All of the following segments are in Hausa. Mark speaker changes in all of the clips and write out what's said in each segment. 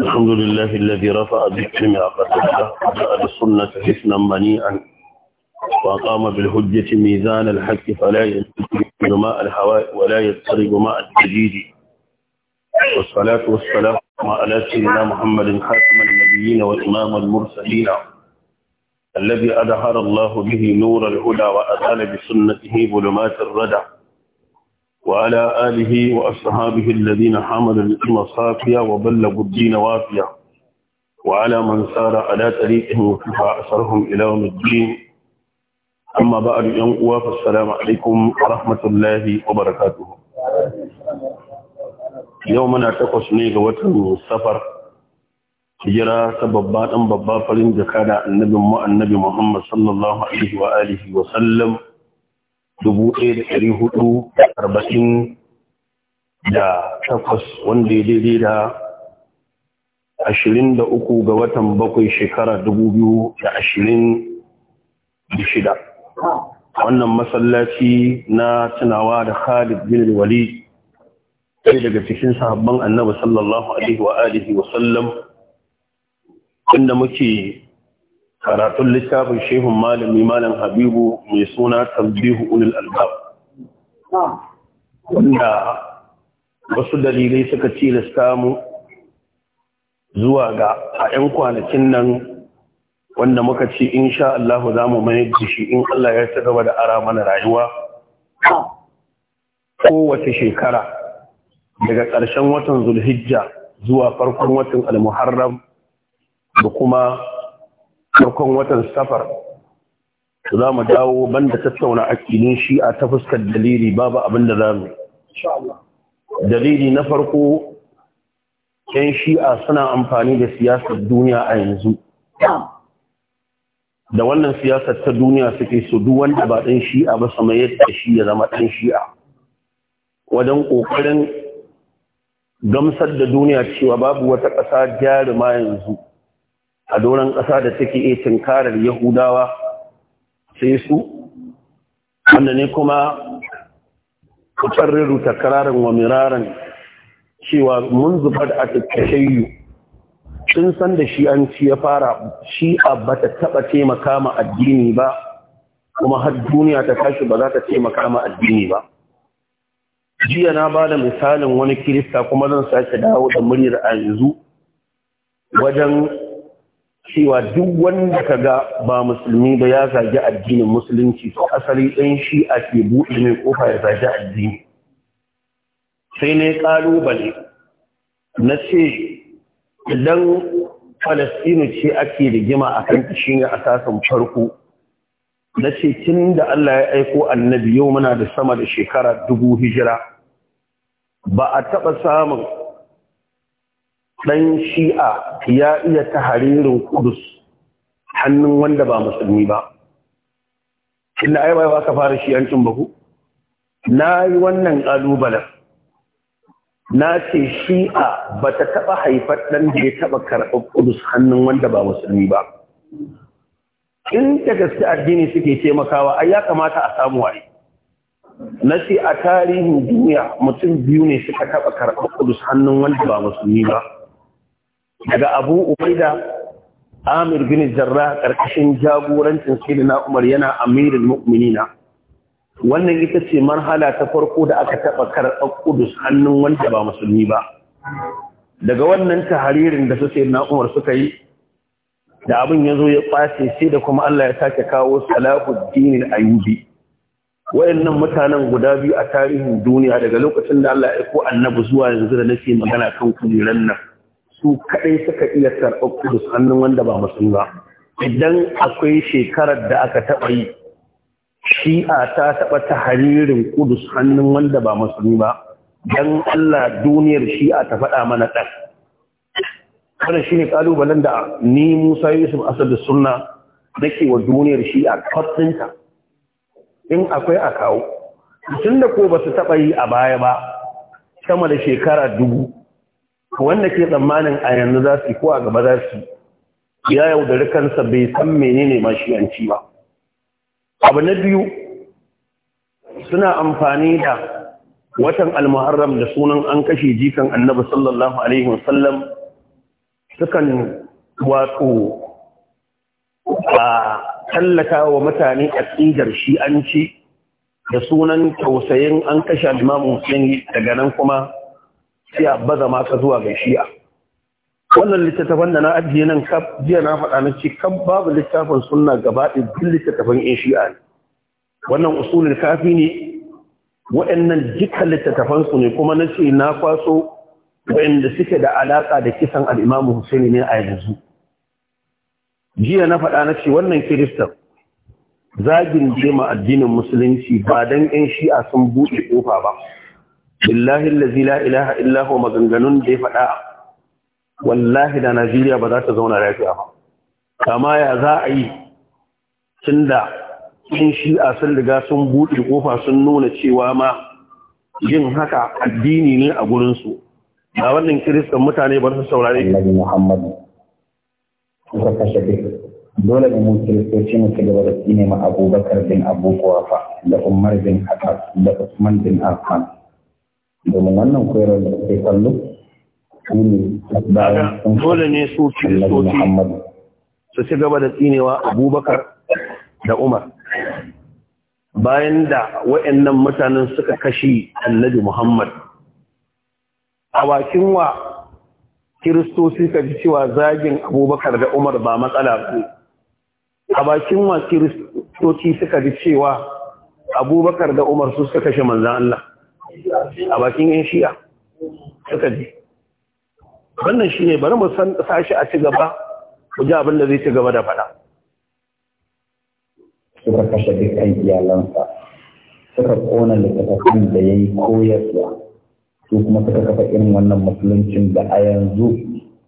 Speaker 1: الحمد
Speaker 2: لله الذي رفع بالعلم عقدته وجعل السنة حسنا منيئا وقام بالهجة ميزان الحق فلا يترك ماء الهواء ولا يضطرب ماء الدجيج والصلاة والسلام على سيدنا محمد خاتم النبيين وإمام المرسلين الذي أدهر الله به نور الهدى وأزال بسنته ظلمات الردى وعلى آله وأصحابه الذين حملوا الإلم صافيا وبلغوا الدين وافيا وعلى من سار على طريقهم وكفى أثرهم إلى يوم الدين أما بعد يوم فالسلام عليكم ورحمة الله وبركاته يومنا تقص نيغ وطن السفر hijira ta babba dan babba farin jaka da annabin mu annabi Muhammad sallallahu alaihi wa alihi wa sallam dubu ɗaya da ɗari hudu da arba'in da takwas wanda ya daidai da ashirin da uku ga watan bakwai shekara dubu biyu da ashirin da shida wannan masallaci na tunawa da khalid bin wali sai daga cikin sahabban annabi sallallahu alaihi wa alihi wa sallam inda muke karatun littafin shehun malami malam habibu mai suna tambihu ulul albab wanda wasu dalilai suka ci da mu zuwa ga a 'yan kwanakin nan wanda muka ce sha Allah za mu mai shi in Allah ya ci gaba da ara mana rayuwa kowace shekara daga ƙarshen watan zulhijja zuwa farkon watan almuharram da kuma farkon watan safar za mu dawo banda tattauna shi shi'a ta fuskar dalili babu abin da za mu dalili na farko yan shi'a suna amfani da siyasar duniya a yanzu da wannan siyasar ta duniya suke su duk wanda ba ɗan shi'a ba sama yadda shi ya zama ɗan shi'a wajen ƙoƙarin gamsar da duniya cewa babu wata ƙasa jarima yanzu a doron ƙasa da take iya tinkarar yahudawa sai su wanda ne kuma ta kararin wa miraran cewa mun zubar a yi sun san da shi an ci ya fara shi a bata taɓa taimaka ma addini ba kuma har duniya ta tashi ba za ta taimaka ma addini ba jiya na ba da misalin wani kirista kuma zan sake dawo da muryar a yanzu wajen cewa duk wanda ka ga ba musulmi ba ya zagi addinin musulunci to asali ɗan shi ke buɗe mai ƙofa ya zagi addini sai ne ƙalubale na ce idan falastinu ce ake rigima a kan shi ne asasin farko na ce tun da Allah ya aiko annabi yau muna da sama da shekara dubu hijira ba a taɓa samun ɗan shi'a ya iya ta haririn kudus hannun wanda ba musulmi ba inda ai bai ka fara shi'ancin cin ku na yi wannan kalubala na ce shi'a bata ta taɓa haifar ɗan da ya taɓa karɓar kudus hannun wanda ba musulmi ba in da gaske addini suke taimakawa ai ya kamata a samu waye na ce a tarihin duniya mutum biyu ne suka taba karɓar kudus hannun wanda ba musulmi ba daga abu ubaida amir bin jarra karkashin jagorancin sayyidina umar yana amirul mu'minina wannan ita ce marhala ta farko da aka taba karɓar kudus hannun wanda ba musulmi ba daga wannan taharirin da su sayyidina umar suka yi da abin ya zo ya ɓace sai da kuma Allah ya sake kawo salahuddin al-ayyubi wayannan mutanen guda biyu a tarihin duniya daga lokacin da Allah ya ko annabi zuwa yanzu da nake magana kan kuliran nan su kaɗai suka iya karɓar kudus hannun wanda ba musulmi ba idan akwai shekarar da aka taɓa yi shi'a ta taɓa ta haririn kudus hannun wanda ba musulmi ba don allah duniyar shi'a ta faɗa mana ɗan Kada shi ne ƙalubalen da ni musa yusuf asadu sunna nake wa duniyar shi'a kwatsinta in akwai a kawo tun da ko ba su taɓa yi a baya ba sama da shekara dubu wanda ke tsammanin a yanzu za su ko a gaba za su ya yaudari kansa bai san menene mashiyanci ba abu na biyu suna amfani da watan almuharram da sunan an kashe jikan annabi sallallahu alaihi wasallam sukan wato a tallata wa mutane a tsigar shi an da sunan tausayin an kashe limamin hussein daga nan kuma sai a baza maka zuwa ga shi'a wannan littattafan da na ajiye nan kaf jiya na faɗa na ce kan babu littafin sunna gaba ɗin duk littattafan in shi'a ne wannan usulin kafi ne waɗannan dukkan littattafan ne kuma na ce na kwaso waɗanda suke da alaƙa da kisan al'imamu Hussaini ne a yanzu jiya na faɗa na ce wannan kiristan zagin jema addinin musulunci ba don 'yan shi'a sun buɗe ƙofa ba billahi allazi la ilaha illa huwa maganganun da ya faɗa wallahi da Najeriya ba za ta zauna lafiya ba kama ya za a yi tunda sun a sun riga sun buɗe kofa sun nuna cewa ma yin haka addini ne a gurinsu ga wannan kiristan mutane ba su saurare Annabi Muhammadu
Speaker 1: ka kashe dole ne mun kiristoci mu ci gaba da tsine ma Abubakar bin Abu da Umar bin Khattab da Usman bin Affan domin wannan koyarwar da suke kallo su ne bayan
Speaker 2: dole ne su kiristoci su ci gaba da tsinewa abubakar da umar bayan da wa'annan mutanen suka kashe annabi muhammad a bakin wa kiristoci ka ji cewa zagin abubakar da umar ba matsala ba a bakin wa kiristoci suka ji cewa abubakar da umar su suka kashe manzan Allah a bakin yan shiya suka ji wannan shi ne bari mu sashi a ci gaba ku ji abin da zai cigaba da
Speaker 1: faɗa suka kashe dukkan iyalansa suka kona littattafan da ya yi koyarwa su kuma suka kafa irin wannan musuluncin da a yanzu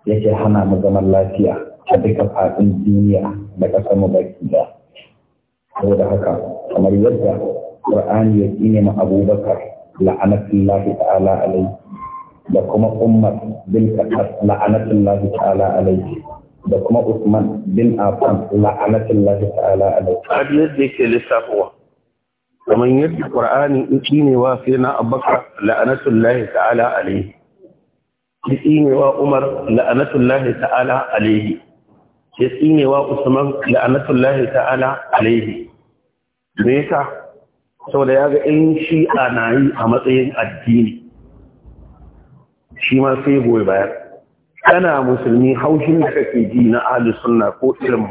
Speaker 1: yake hana mu zaman lafiya a duka fadin duniya da ƙasar mu baki da saboda haka kamar yadda ƙur'ani ya ƙi mu Abubakar la'anatullahi ta'ala alai da kuma Umar bin Khattab la'anatullahi ta'ala alai da kuma Usman bin Affan la'anatullahi ta'ala alai abin yadda yake lissafowa kamar yadda
Speaker 2: Qur'ani yake ne wa sai na Abubakar la'anatullahi ta'ala alai yake ne wa Umar la'anatullahi ta'ala alai yake ne wa Usman la'anatullahi ta'ala alai me yasa saboda ya ga in shi a na yi a matsayin addini shi ma sai goyi bayar kana musulmi haushin da kake ji na ahli sunna ko irin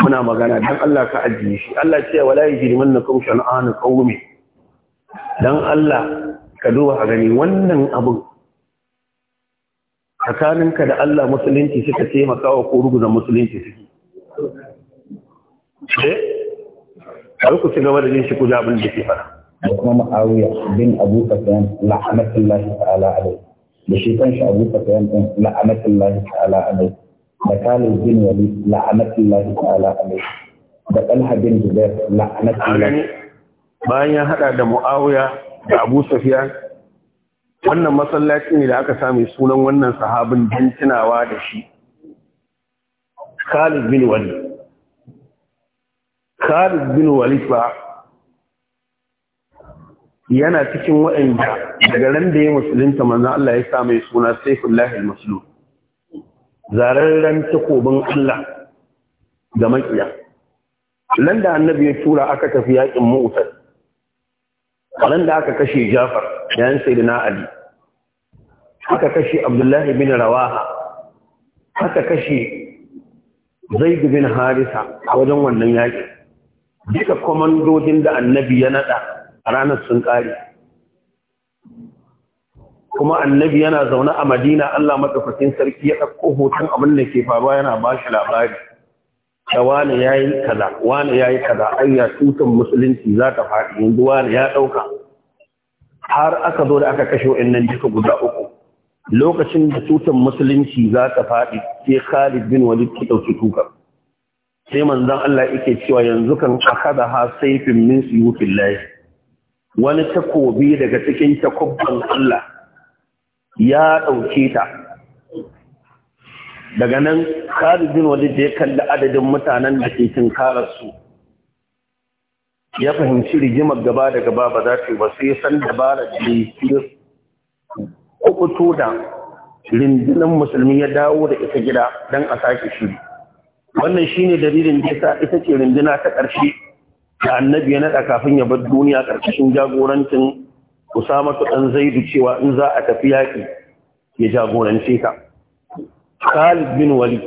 Speaker 2: muna magana don Allah ka ajiye shi Allah ce wala yajrimannakum shan'an qaumi dan Allah ka duba a gani wannan abun tsakaninka da Allah musulunci suka taimaka wa ko ruguza musulunci
Speaker 3: suke eh?
Speaker 1: bari ku ci gaba da jin shi ku ji abin da ke fara da kuma ma'awiya bin abu sufyan la'anatullahi ta'ala alai da shi kanshi abu sufyan din la'anatullahi ta'ala alai da kalid bin wali la'anatullahi ta'ala alai da talha bin zubair la'anatullahi
Speaker 2: bayan ya haɗa da mu'awiya da abu sufyan wannan masallaci ne da aka sami sunan wannan sahabin don tunawa da shi Khalid bin Wali. Khalid bin Walid ba yana cikin waɗanda daga ran da ya musulunta manzon Allah ya sa mai suna Saifullah al-Maslul zararren takobin Allah ga makiya nan da annabi ya tura aka tafi yakin Mu'tah nan da aka kashe Jafar da yayin Sayyidina Ali aka kashe Abdullahi bin Rawaha aka kashe Zaid bin Harisa a wajen wannan yakin duka kwamandodin da annabi ya naɗa a ranar sun ƙare kuma annabi yana zaune a madina allah matsafafin sarki ya ɗauko hoton abin da ke faruwa yana ba shi labari da wani ya yi kaza wani ya yi kaza ayya tutan musulunci za ta faɗi yanzu wani ya ɗauka har aka zo da aka kashe wa'annan jika guda uku lokacin da tutan musulunci za ta faɗi sai khalid bin walid ki ɗauki tukar sai manzon Allah yake cewa yanzu kan akada ha saifin min layi. wani takobi daga cikin takobin Allah ya ɗauke ta daga nan jin wani da ya kalli adadin mutanen da ke cin su ya fahimci rigimar gaba da gaba ba za ta ba sai san dabarar da ya kukuto da rindunan musulmi ya dawo da ita gida don a sake shiri wannan shine dalilin da yasa ita ce runduna ta ƙarshe da annabi ya naɗa kafin ya bar duniya ƙarƙashin jagorancin Usama ɗan Zaidu cewa in za a tafi yaƙi ya jagorance ka. Khalid bin Wali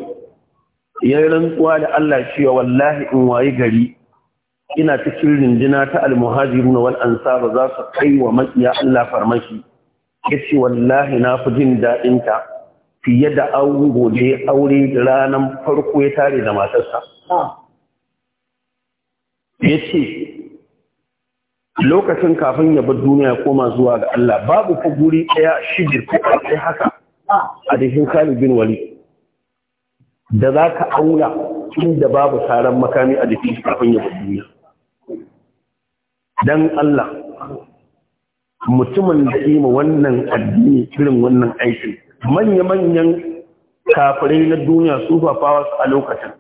Speaker 2: ya rantsuwa da Allah cewa wallahi in wayi gari ina cikin rindina ta almuhajirun wal ansar za su kai wa makiya Allah farmaki yace wallahi na fi jin daɗinta. fiye da ango da ya aure ranar farko ya tare da matarsa ah. ya ce lokacin kafin ya bar duniya koma zuwa ga Allah babu ku guri ɗaya shigir ko ɗaya haka ah. a jikin Khalid bin da za ka aula inda babu saran makami a jikin kafin ya duniya Don Allah mutumin da ma wannan addini irin wannan aikin manya-manyan kafirai na duniya su fafawa a lokacin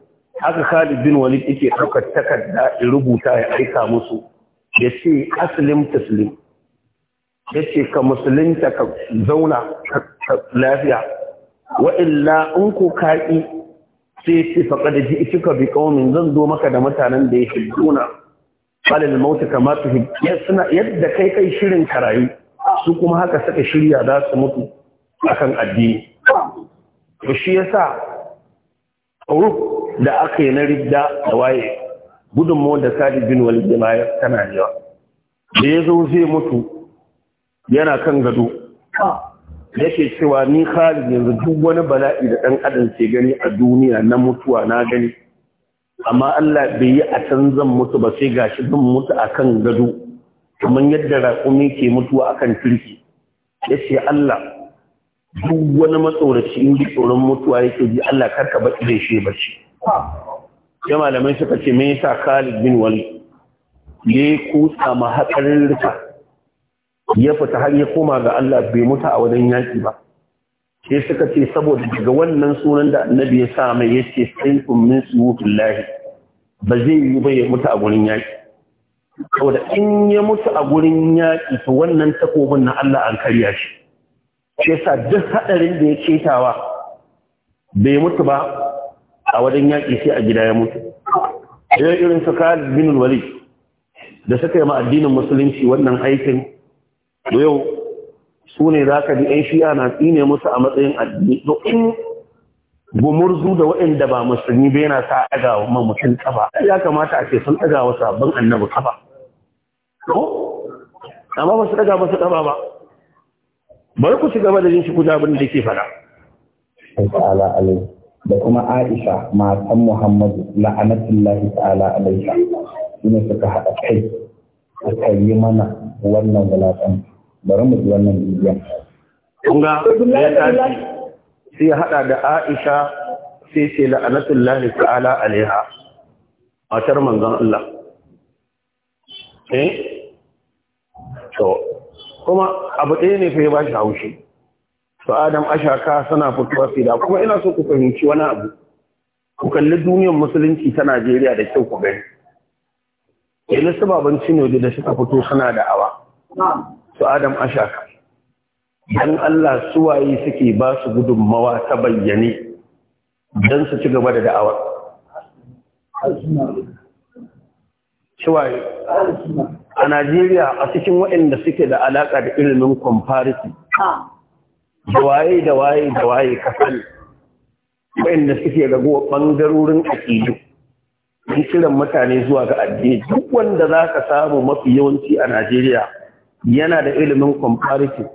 Speaker 2: haka Khalid bin Walid yake ɗaukar takarda ya rubuta ya aika musu ya ce aslim taslim ya ce ka musulunta ka zauna lafiya wa illa in ko ka'i sai ce faƙa da ka bi ƙaumin zan zo maka da mutanen da ya hidduna falil mautu kama tu yadda kai kai shirin karayu su kuma haka saka shirya za su mutu akan addini to shi yasa ruk da aka yi na ridda da waye gudunmu da sadi bin walid ma tana yawa da ya zo zai mutu yana kan gado yake cewa ni Khalid yanzu duk wani bala'i da ɗan adam ke gani a duniya na mutuwa na gani amma Allah bai yi a can zan mutu ba sai gashi zan mutu akan gado kamar yadda raƙumi ke mutuwa akan turki yace Allah duk wani matsoraci in ji tsoron mutuwa yake ji Allah karka baki da shi barci. ya malamai suka ce me yasa Khalid bin Walid ya kutsa ma hakarin rika ya fita har ya koma ga Allah bai mutu a wajen yaki ba sai suka ce saboda daga wannan sunan da Annabi ya sa mai yace sayyidun min suwullahi ba zai yi ba ya mutu a gurin saboda in ya mutu a gurin yaƙi to wannan takobin na Allah an karya shi shi yasa duk hadarin da ya ketawa bai mutu ba a wajen yaki sai a gida ya mutu idan irin su Khalid da suka yi ma addinin musulunci wannan aikin yau su ne za ka bi ‘yan shi'a na tsine musu a matsayin addini to in gumurzu da waɗanda ba musulmi bai na sa ɗaga wa mutum kafa ya kamata a ce sun ɗaga wa sabon annabi kafa amma ba su ɗaga ba kafa ba bari ku ci gaba da jin shi ku abin da yake
Speaker 1: faɗa ta'ala alaihi da kuma Aisha matan Muhammadu la'anatullahi ta'ala alaiha ina suka haɗa kai suka yi mana wannan wulaƙan bari mu ji wannan bidiyon
Speaker 3: kun ga ya tashi
Speaker 2: sai ya hada da Aisha sai ce la'anatullahi ta'ala alaiha matar manzon Allah eh to kuma abu ɗaya ne fa ya ba shi haushi to adam ashaka suna fitowa fida kuma ina so ku fahimci wani abu ku kalli duniyar musulunci ta Najeriya da kyau ku gani yanzu su baban Cinoji da suka fito suna da awa su Adam Ashaka dan Allah suwaye suke ba su gudunmawa ta bayyane dan su ci gaba da da'awar suwaye a Najeriya a cikin waɗanda suke da alaƙa da ilimin comparison da waye da waye da waye kasan waɗanda suke rago ɓangarorin aƙidu in kiran mutane zuwa ga addini duk wanda za ka samu mafi yawanci a Najeriya yana da ilimin comparison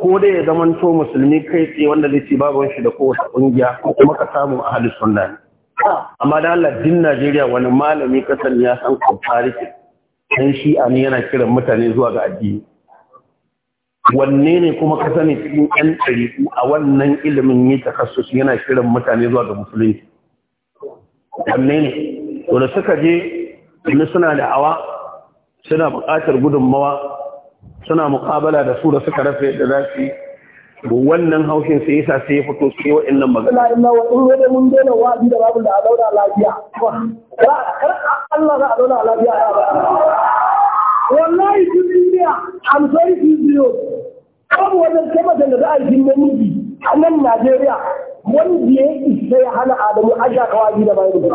Speaker 2: ko dai ya zamanto musulmi kai tsaye wanda zai ce babu shi da kowace ƙungiya ko kuma ka samu a halittun nan amma da Allah din Najeriya wani malami kasan ya san comparison ɗan shi'a ne yana kiran mutane zuwa ga addini wanne ne kuma ka sani cikin ɗan ɗariƙu a wannan ilimin yi takassus yana kiran mutane zuwa ga musulunci wanne ne wanda suka je inda suna da awa suna buƙatar gudunmawa suna muƙabala da su da suka rafe da yi. wannan haushin sai yasa sai ya fito sai wa'annan magana
Speaker 3: illa wa in dai mun dena wa'azi da babu da a dauna lafiya ba kar Allah za a dauna lafiya ya ba wallahi duk duniya I'm sorry to you babu wajen kuma da za a yi namiji a nan Najeriya wanda ya isa ya hana Adamu aja kawai da bayan da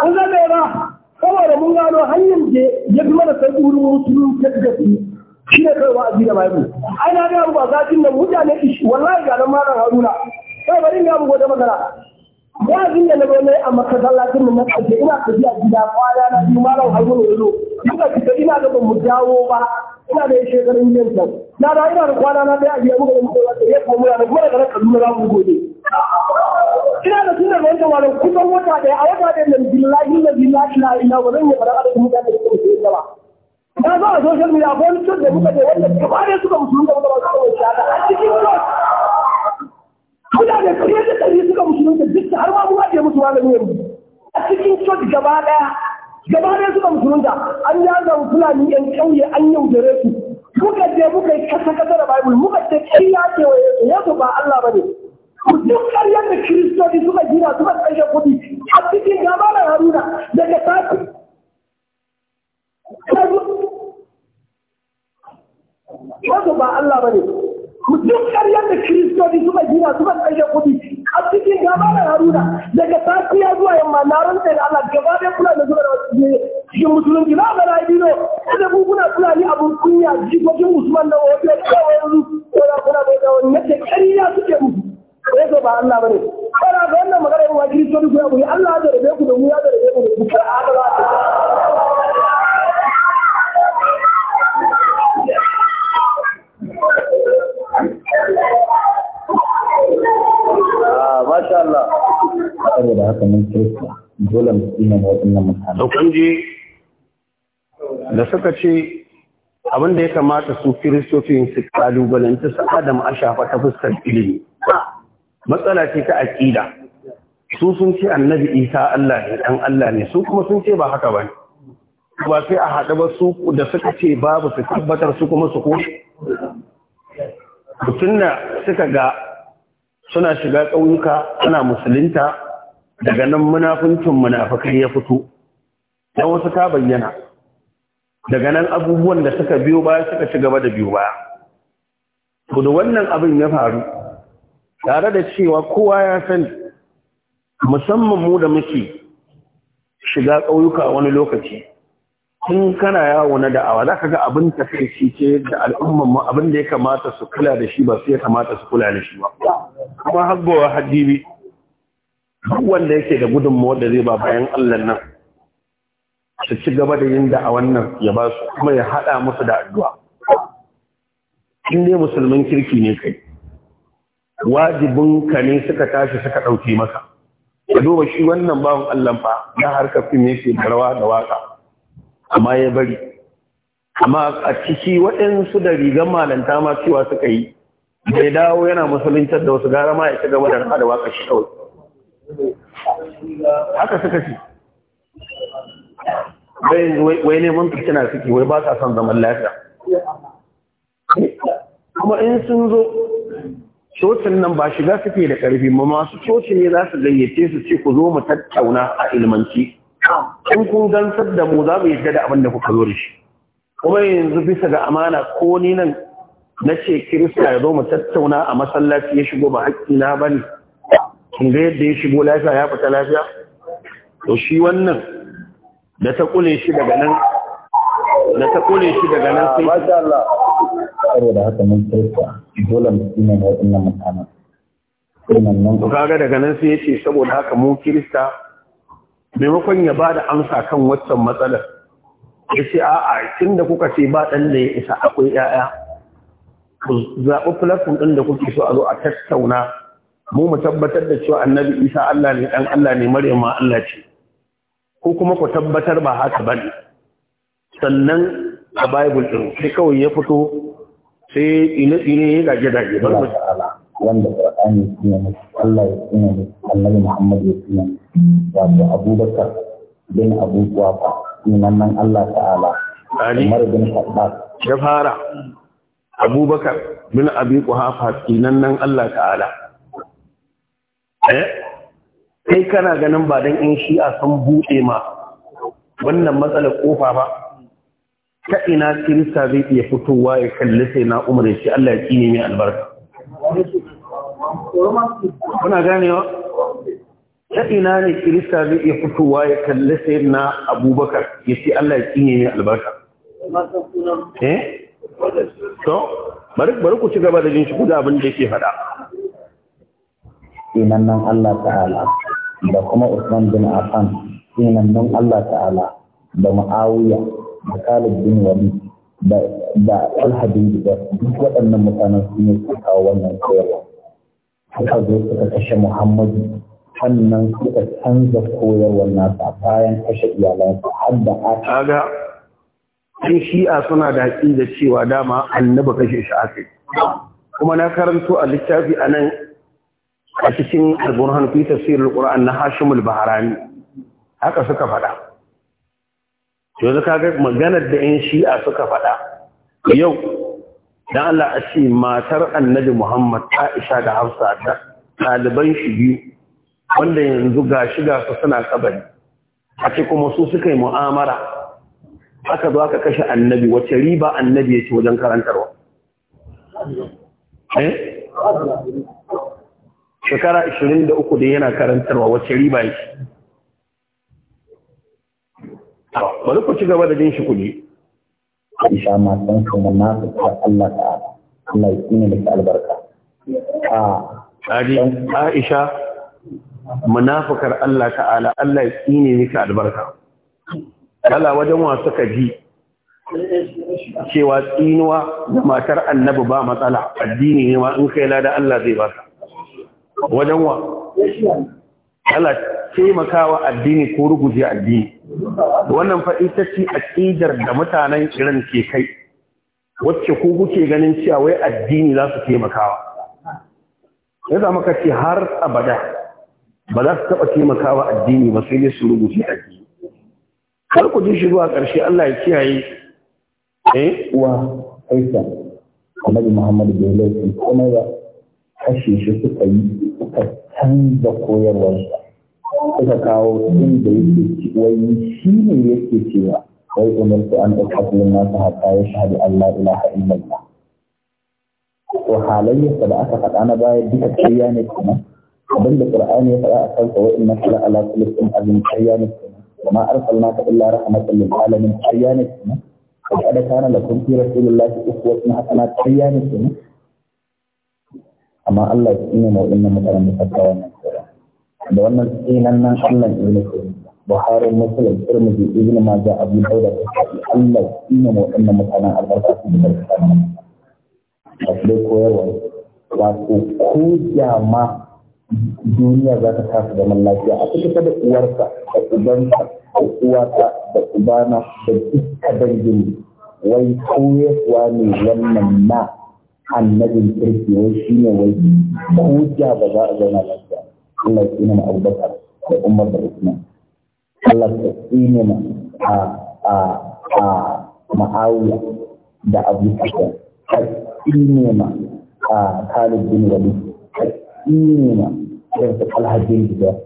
Speaker 3: kun ga ba saboda mun gano hanyar da ya fi mana sai wurin mutum ya gaske shi ne kawai wa'azi da bible ai na ga ba zakin nan mutane wallahi ga nan malam haruna kai bari ga abu gode magana wa'azin da na ga nayi a masallacin mu na kaje ina tafiya gida kwana na biyu malam haruna yazo duka kika ina ga ban mu dawo ba ina da shekarun yin sau na da ina da kwana na daya a biya mu da muka da ya kuma da kuma daga raka za mu gode ina da ne da yanka kusan wata daya a wata daya nan billahi na billahi na ina ba zan yi fara da mutane da kuma da ba na zo a social media akwai wani da muka je wanda gaba ne suka musulun da muka ba za a wuce a cikin church mutane fiye da ɗari suka musulun da duk har ma muka je musu malami yanzu a cikin church gaba ɗaya gaba ɗaya suka musulun da an ya zama fulani yan ƙauye an yaudare su muka je muka yi kasa kasa da bible muka ce ƙarya ce wa yesu Yesu ba allah ba ne duk ƙaryar da kiristoci suka gina suka ƙarshe kuɗi a cikin gaba da haruna daga tafi Wato ba Allah ba ne, mutum karyar da kiristoci suka gina suka tsaye kuɗi a cikin gaba da haruna daga safiya zuwa yamma na rantsa da Allah gaba da kula da zuwa cikin musulunci na ga rayu ne kada ku kuna kula ni abun kunya jikokin Usman da wajen kawai yanzu ko da kuna bai da wannan ta kariya suke muku ko ba Allah ne? bane kana ga wannan magana ne wa kiristoci ku ya Allah ya rabe ku da mu ya rabe ku da ku kar a haka za ku Ah, masha da
Speaker 1: suka ce
Speaker 2: abin da ya kamata su kiristofin su kalubalanta su Adam a shafa ta fuskar ilimi. Matsala ce ta aƙida. Su sun ce annabi Isa Allah ne, ɗan Allah ne, su kuma sun ce ba haka ba ne. Ba sai a haɗa ba su da suka ce babu su tabbatar su kuma su kushe. mutum da suka ga suna shiga ƙauyuka suna musulunta daga nan munafuncin munafukai ya fito dan wasu ta bayyana daga nan abubuwan da suka biyo baya suka ci gaba da biyo baya to da wannan abin ya faru tare da cewa kowa ya san musamman mu da muke shiga ƙauyuka wani lokaci tun kana yawo na da'awa za ka ga abin shi ce da al'umman mu abin da ya kamata su kula da shi ba sai ya kamata su kula da shi ba kuma haggowa hadibi duk wanda yake da gudunmawar da zai ba bayan Allah nan su ci gaba da yin da'awan nan ya ba su kuma ya haɗa musu da addu'a in musulmin kirki ne kai wajibin ka ne suka tashi suka ɗauki maka ka duba shi wannan bawan Allah fa na harkar fim yake da rawa da waka amma ya bari amma a ciki waɗansu da rigar malanta ma cewa suka yi bai dawo yana musuluncin da wasu gara ma ya ci gaba da rana da waka shi kawai haka suka ce wai neman fitina suke wai ba sa son zaman lafiya kuma in sun zo cocin nan ba shiga suke da ƙarfi ma masu coci ne za su gayyace su ce ku zo mu tattauna a ilmanci in kun gansar da mu za mu yadda da abin da kuka zo da shi kuma yanzu bisa ga amana ko ni nan na ce kirista ya zo mu tattauna a masallaci ya shigo ba haƙƙi na ba ne kun ga yadda ya shigo lafiya ya fita lafiya to shi wannan da ta kule shi daga nan da ta kule shi daga nan sai ah, masha Allah
Speaker 1: saboda haka mun tsaya dole mu tsina wannan mutanen
Speaker 2: kaga daga nan sai ya ce saboda haka mu kirista maimakon ya ba da amsa kan waccan matsalar ya ce a'a cikin da kuka ce ba ɗan da ya isa akwai 'ya'ya ku zaɓi platform ɗin da kuke so a zo a tattauna mu mu tabbatar da cewa annabi isa allah ne ɗan allah ne maryam allah ce ko kuma ku tabbatar ba haka ba ne sannan a bible ɗin sai kawai ya fito sai ina-ina ya gage-gage ba
Speaker 1: wanda Qur'ani ya ne Allah ya ne Annabi Muhammad ya ne wato Abubakar bin Abu Quhafa sunan nan Allah ta'ala Umar bin Khattab
Speaker 2: ya fara Abubakar
Speaker 1: bin Abi Quhafa sunan nan
Speaker 2: Allah ta'ala eh kai kana ganin ba dan in shi'a sun buɗe ma wannan matsalar kofa ba ta ina kirista zai iya fitowa ya kalli sai na umar ya Allah ya kine mai albarka kuna wa? ta ina ne kirista zai iya fitowa ya kalli sai na abubakar ya ce Allah ya kinye ne albarka eh to bari bari ku ci gaba da jin shi kuda abin da yake faɗa
Speaker 1: inan nan Allah ta'ala da kuma Usman bin Affan inan nan Allah ta'ala da Muawiya da Khalid bin Walid da da Al-Hadid da duk waɗannan mutanen su ne su kawo wannan koyarwa suka zo suka kashe muhammadu sannan suka canza koyarwar nasa bayan kashe iyalansa har da aka sai shi'a
Speaker 2: suna da haƙi da cewa dama annaba kashe shi aka kuma na karanto a littafi a nan a cikin alburhan fi tafsirin qur'an na hashimul baharani haka suka faɗa yanzu kaga maganar da yan shi'a suka faɗa yau dan Allah a ce matar annabi Muhammad Aisha da Hafsa da ɗaliban shi biyu wanda yanzu ga shiga su suna kabari a ce kuma su suka yi mu'amara aka zo aka kashe annabi wace riba annabi ya ce wajen karantarwa eh? shekara 23 da yana karantarwa wace riba ya ce
Speaker 1: bari ku ci gaba da jin shi kuɗi Aisha matan su na nasu ta Allah ta'ala Allah ya tsine miki albarka
Speaker 2: a Aisha munafikar Allah ta'ala Allah ya tsine miki albarka Allah wajen wa suka ji cewa tsinuwa da matar annabi ba matsala addini ne ma in kai lada Allah zai baka wajen wa Allah taimakawa addini ko ruguje addini wannan fa ita ce aqidar da mutanen irin ke kai wacce ko kuke ganin cewa wai addini za su taimakawa za maka ce har abada ba za su taba taimakawa addini ba sai dai su ruguje addini
Speaker 1: har ku ji shi zuwa ƙarshe Allah ya kiyaye eh wa aisha Annabi Muhammad bai laifi kuma ya kashe shi suka yi suka canza koyarwarsa suka kawo da yake wai shi ne yake cewa wai umartu an ɗaukakulun nasu hatta ya shahadu Allah ilaha illallah. To halayyarsa da aka faɗa na baya duka kariya ne kuma abin da ya faɗa a kansa wa inna kala ala kullum azim kariya ne kuma kuma arsalna ka illa rahmatan lil alamin kariya ne kuma وقد كان لكم في رسول الله أسوة حسنة أيام السنة أما الله يسمى وإن مثلا مفكرا من السلام da wannan tsinan nan Allah ne ne Buhari Muslim Tirmidhi Ibn Majah Abu Dawud da Bukhari Allah tsinan waɗannan mutanen albarka su da mutanen da su koyarwa wato ko jama duniya za ta kasa zaman lafiya a cikin da uwarka da ubanka da uwata da ubana da dukkan dangin wai koyarwa ne wannan na annabin kirki wai shine wai ko ba za a zauna lafiya Allah ya tsine Abubakar da Umar da Usman Allah ya tsine a a a Muawiya da abubakar Sufyan ka a Khalid bin Walid ka tsine ma irin su Talha bin Zubair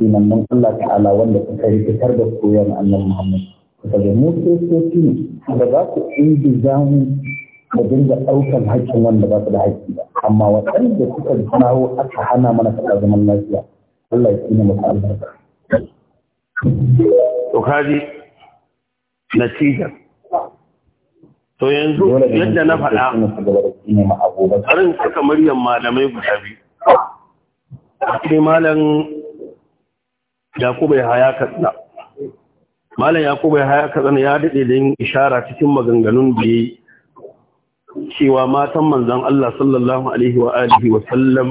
Speaker 1: dinannan Allah ta'ala wanda suka rikitar da koyon annabi Muhammad daga mu sai sai ne da za ku indiza mu ka dinga ɗaukar haƙƙin wanda ba su da haƙƙi ba amma waɗanda suka jawo aka hana mana faɗa zaman lafiya Allah ya tsine masu albarka
Speaker 2: to kaji natija to yanzu yadda na faɗa tsarin suka muryan malamai guda biyu akwai malam yakubu ya haya katsina malam yakubu ya haya katsina ya daɗe da yin ishara cikin maganganun da cewa matan manzan Allah sallallahu alaihi wa alihi wa sallam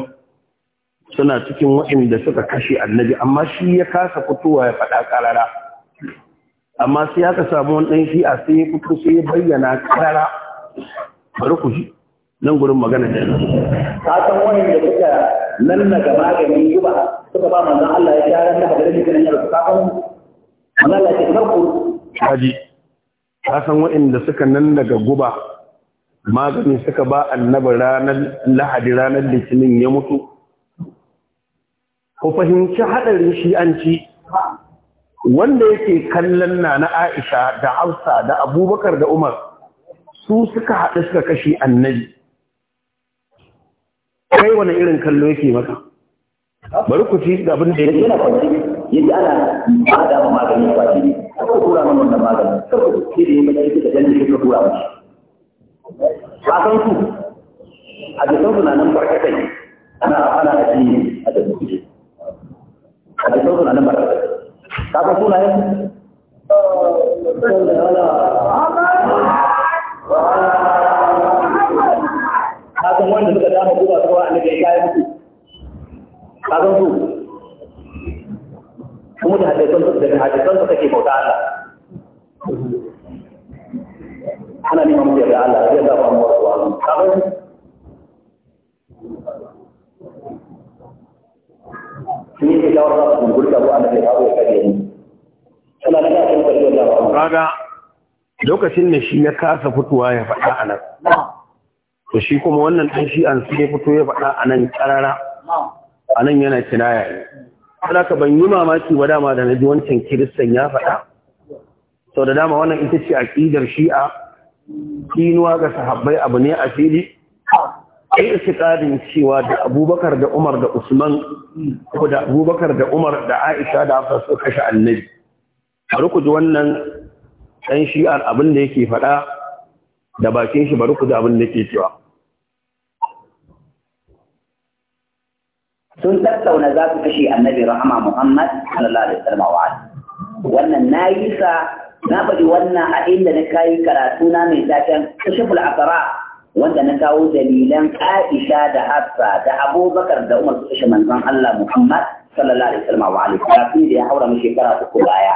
Speaker 2: suna cikin waɗanda suka kashe annabi amma shi ya kasa fitowa ya faɗa ƙarara amma sai aka samu wani ɗan shi a sai ya fito sai ya bayyana ƙarara bari ku ji nan gurin magana da
Speaker 1: ka san da suka lallaga maganin guba suka ba manzan Allah ya sha ran da hadarin yaro ka san manzan Allah ya ce farko
Speaker 2: ka ji ka san waɗanda suka lallaga guba magani suka ba annabi ranar lahadi ranar litinin ya mutu ku fahimci haɗarin ci. wanda yake kallon na na aisha da hafsa da abubakar da umar su suka haɗu suka kashe annabi kai wani irin kallo yake maka bari ku ci ga abin da yake yana kwanci
Speaker 1: yake ana ba da magani kwanci ne kar kura mana wannan magani kar ku ce da yake da dalilin ka kura mana ba san su a jikin suna nan barkatai ana ana aji a da kuɗi a jikin suna nan barkatai
Speaker 3: ka san sunayen ka san wanda suka dama ko ba a annabi ya kai ka san su kuma da hadisan
Speaker 1: da hadisan suka ke bauta Allah ana neman mu yarda Allah zai ya ba mu wasu wani kamar sun yi kyakkyawar za su gurgur da ruwa da ke kawo ya kare mu suna da kafin kariyar da ba kaga
Speaker 2: lokacin da shi ya kasa fitowa ya faɗa a nan to shi kuma wannan ɗan shi an sai fito ya faɗa a nan ƙarara a nan yana kinaya ne ka ban yi mamaki ba dama da na ji wancan kiristan ya faɗa sau da dama wannan ita ce aƙidar shi'a kinuwa ga sahabbai abu ne a fili ai itikadin cewa da abubakar da umar da usman ko da abubakar da umar da aisha da hafsa su kashe annabi bari ku ji wannan ɗan shi'ar abin da yake faɗa da bakin shi bari ku ji abin da yake cewa
Speaker 1: sun tattauna za su kashe annabi rahama muhammad sallallahu alaihi wasallam wannan nayi sa na faɗi wannan a inda na kayi karatu na mai taken kashiful asara wanda na kawo dalilan Aisha da Hafsa da Abubakar da Umar su kashe manzon Allah Muhammad sallallahu alaihi wasallam wa alihi kafin da ya haura mu shekara uku baya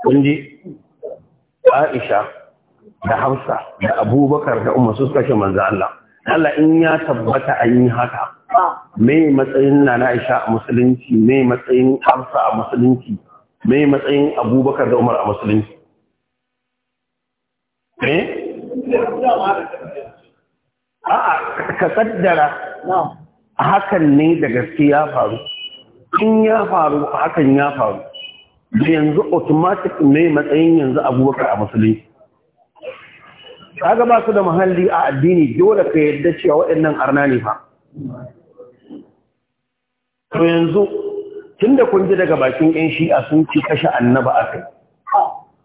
Speaker 2: kun ji Aisha da Hafsa da Abubakar da Umar su kashe manzon Allah Allah in ya tabbata an yi haka me matsayin Nana Aisha a musulunci me matsayin Hafsa a musulunci me matsayin Abubakar da Umar a musulunci
Speaker 3: a'a
Speaker 1: ka kaddara
Speaker 2: hakan ne da gaske ya faru in ya faru hakan ya faru yanzu automatic ne matsayin yanzu abubakar a musulunci kaga ba su da muhalli a addini dole ka yadda cewa waɗannan arna ne fa to yanzu tun da kun ji daga bakin yan shi'a sun ci kashe annaba a kai,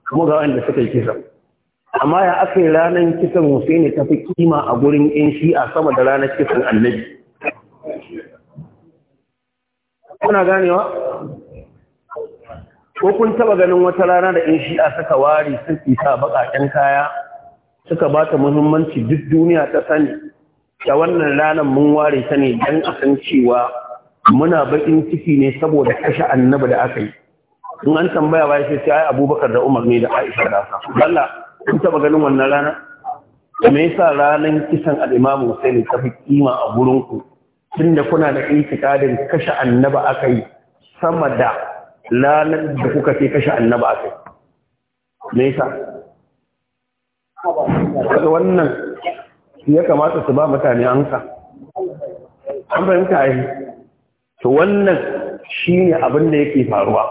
Speaker 2: kuma ga wanda suka yi kisa amma ya aka ranar kisan Hussein ta fi kima a gurin yan shi'a sama da ranar kisan annabi. Kuna ganewa? Ko kun taba ganin wata rana da yan shi'a suka ware sun isa bakaken kaya suka ba ta muhimmanci duk duniya ta sani da wannan ranar mun ware ta ne don a san cewa muna bakin ciki ne saboda kashe annabi da aka yi. In an tambaya ba sai sai ai Abubakar da Umar ne da Aisha da sa. kun taɓa ganin wannan rana me yasa ranar kisan al'imam Hussein ta fi kima a gurinku tunda kuna da itikadin kashe annaba aka yi sama da ranar da kuka ce kashe annaba aka yi me yasa kaga wannan ya kamata su ba mutane ansa an fahimta ai to wannan shine abin da yake faruwa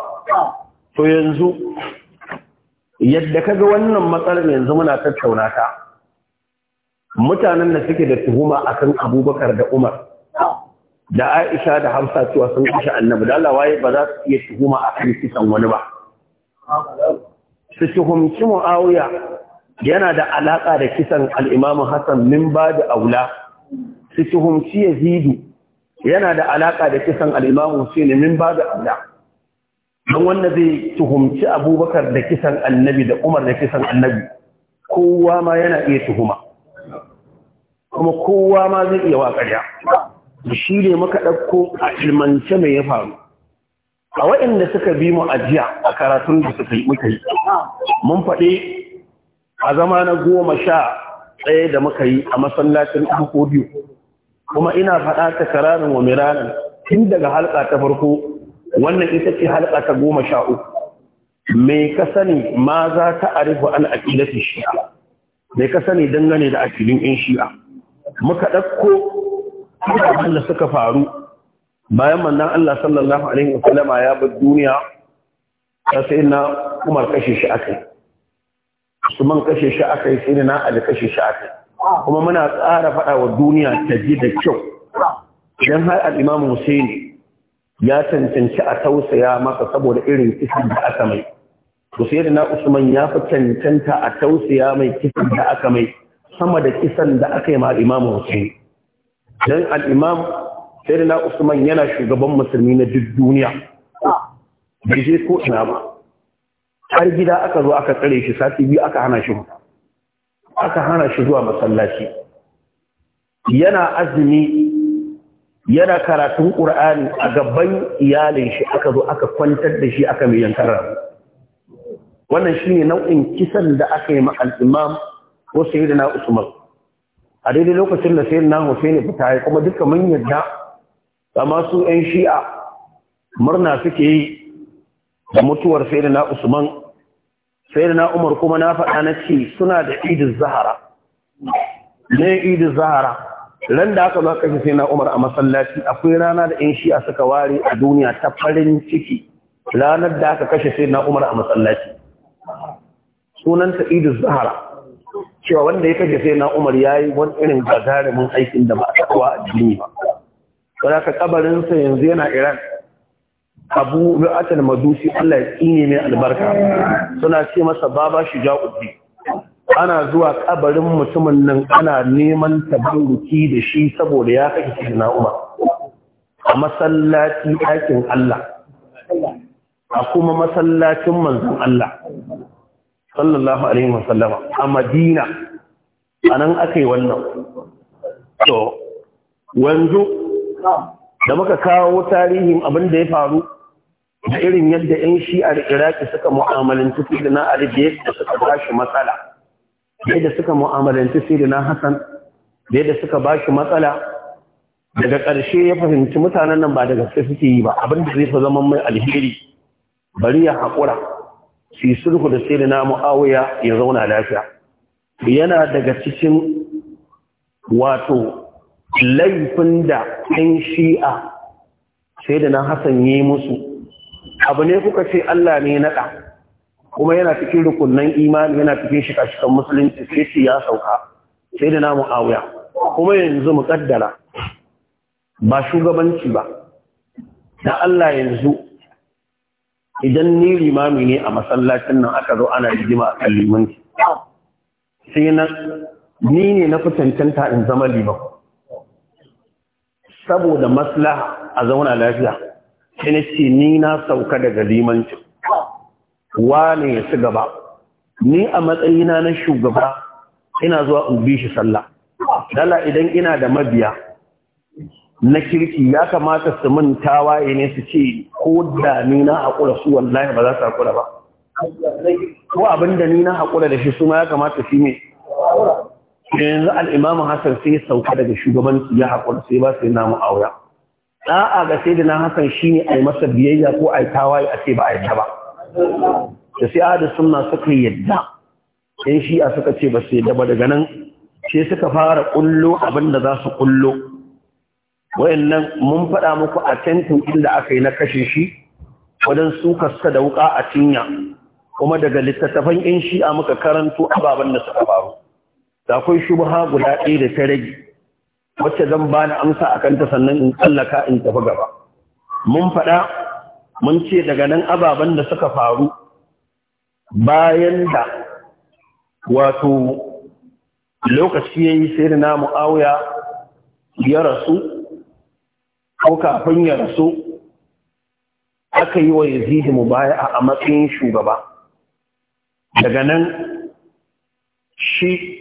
Speaker 2: to yanzu yadda ka ga wannan matsalar yanzu muna tattauna ta mutanen da suke da tuhuma akan Abubakar da Umar da Aisha da Hafsa cewa sun kashe Annabi da Allah waye ba za su iya tuhuma akan kisan wani ba su tuhumci Muawiya yana da alaka da kisan al Hassan min ba da aula su tuhumci Yazid yana da alaka da kisan al-Imam Hussein min ba da aula don wanda zai tuhumci abubakar da kisan annabi da umar da kisan annabi kowa ma yana iya tuhuma kuma kowa ma zai iya waƙarya shi ne muka ɗauko a ilmance mai ya faru a waɗanda suka bi mu ajiya a karatun da suka yi muka yi mun faɗi a zama na goma sha ɗaya da muka yi a masallacin ko biyu kuma ina faɗa ta kararin wa miranin tun daga halka ta farko wannan ita ce halka ta goma sha uku mai ka sani ma za ta arifu an aƙidatin shi'a mai ka sani dangane da aƙidun yan shi'a muka ɗauko abubuwan da suka faru bayan mannan Allah sallallahu alaihi wasallama ya bar duniya ta sai na umar kashe shi akai Usman kashe shi aka sai na Ali kashe shi aka kuma muna tsara faɗa wa duniya ta ji da kyau idan har al-Imam Hussein ya cancanci a tausaya masa saboda irin kisan da aka mai Kusa yadda na Usman ya fi cancanta a tausaya mai kisan da aka mai sama da kisan da aka yi ma Imam Hussein al'imam, sai da na Usman yana shugaban musulmi na duk duniya bai je ko ina ba har gida aka zo aka tsare shi sati biyu aka hana shi aka hana shi zuwa masallaci yana azumi yana karatun ƙur'ani a gaban iyalin shi aka zo aka kwantar da shi aka mai yankara wannan shi ne nau'in kisan da aka yi ma'al'imam ko sai da na usman a daidai lokacin da sai na ne fita ya kuma duka manyan yadda amma su 'yan shi'a murna suke yi da mutuwar sai da na usman sai da na umar kuma na faɗa na ce suna da idin zahara ne idin zahara ran da aka zo aka sai na Umar a masallaci akwai rana da in shi'a suka ware a duniya ta farin ciki ranar da aka kashe sai na Umar a masallaci sunan ta Idu Zahara cewa wanda ya kashe sai na Umar yayi wani irin gagarumin aikin da ba a taɓa a duniya ba wanda ka kabarin sa yanzu yana Iran abu ra'atul madusi Allah ya tsine mai albarka suna ce masa baba shuja'uddin ana zuwa kabarin mutumin nan ana neman tabarruki da shi saboda ya shi na Umar a masallaci ɗakin Allah a kuma masallacin manzon Allah sallallahu alaihi wasallama a Madina aka yi wannan to wanzu da muka kawo tarihin abin da ya faru da irin yadda 'yan shi'ar iraki suka mu'amalanci da na alibiyar da suka bashi matsala yadda suka mu'amalanci sirina Hassan da yadda suka ba shi matsala daga ƙarshe ya fahimci mutanen nan ba daga gaske suke yi ba abin da zai fa zama mai alheri bari ya haƙura su yi sulhu da sirina mu'awiya ya zauna lafiya yana daga cikin wato laifin da ɗan shi'a sai da na Hassan yi musu abu ne kuka ce Allah ne naɗa kuma yana cikin rukunnan imani yana cikin shika-shikan musulunci sai ya sauka sai da namu awuya kuma yanzu mu kaddara ba shugabanci ba da Allah yanzu idan ni limami ne a masallacin nan aka zo ana rigima a kan sai na ni ne na fi in zama liman saboda maslaha a zauna lafiya sai ni na sauka daga limancin wane ya ci gaba ni a matsayina na shugaba ina zuwa in bi shi sallah dala idan ina da mabiya na kirki ya kamata su min tawaye ne su ce ko da ni na haƙura su wallahi ba za su haƙura ba ko abin da ni na haƙura da shi su ma ya kamata shi ne yanzu al'imamu hassan sai sauka daga shugabanci ya haƙura sai ba yi namu aura ɗa'a ga sai da na hassan shi ne a yi masa biyayya ko a yi tawaye a ce ba a yi ta ba
Speaker 1: da
Speaker 2: sai ahadu suna suka yadda shi shi'a suka ce ba su yadda ba daga nan sai suka fara kullo abin da za su kullo wayannan mun faɗa muku a tentin inda aka yi na kashe shi wajen su kaska da wuka a cinya kuma daga littattafan yan shi'a muka karanto ababen da suka faru da akwai shubha guda ɗaya da ta rage wacce zan ba ni amsa a kanta sannan in tsallaka in tafi gaba mun faɗa mun ce daga nan ababen da suka faru bayan da wato lokaci ya yi sai na mu'awuya ya rasu ko kafin ya rasu aka yi wa yazidi mu baya a matsayin shugaba daga nan shi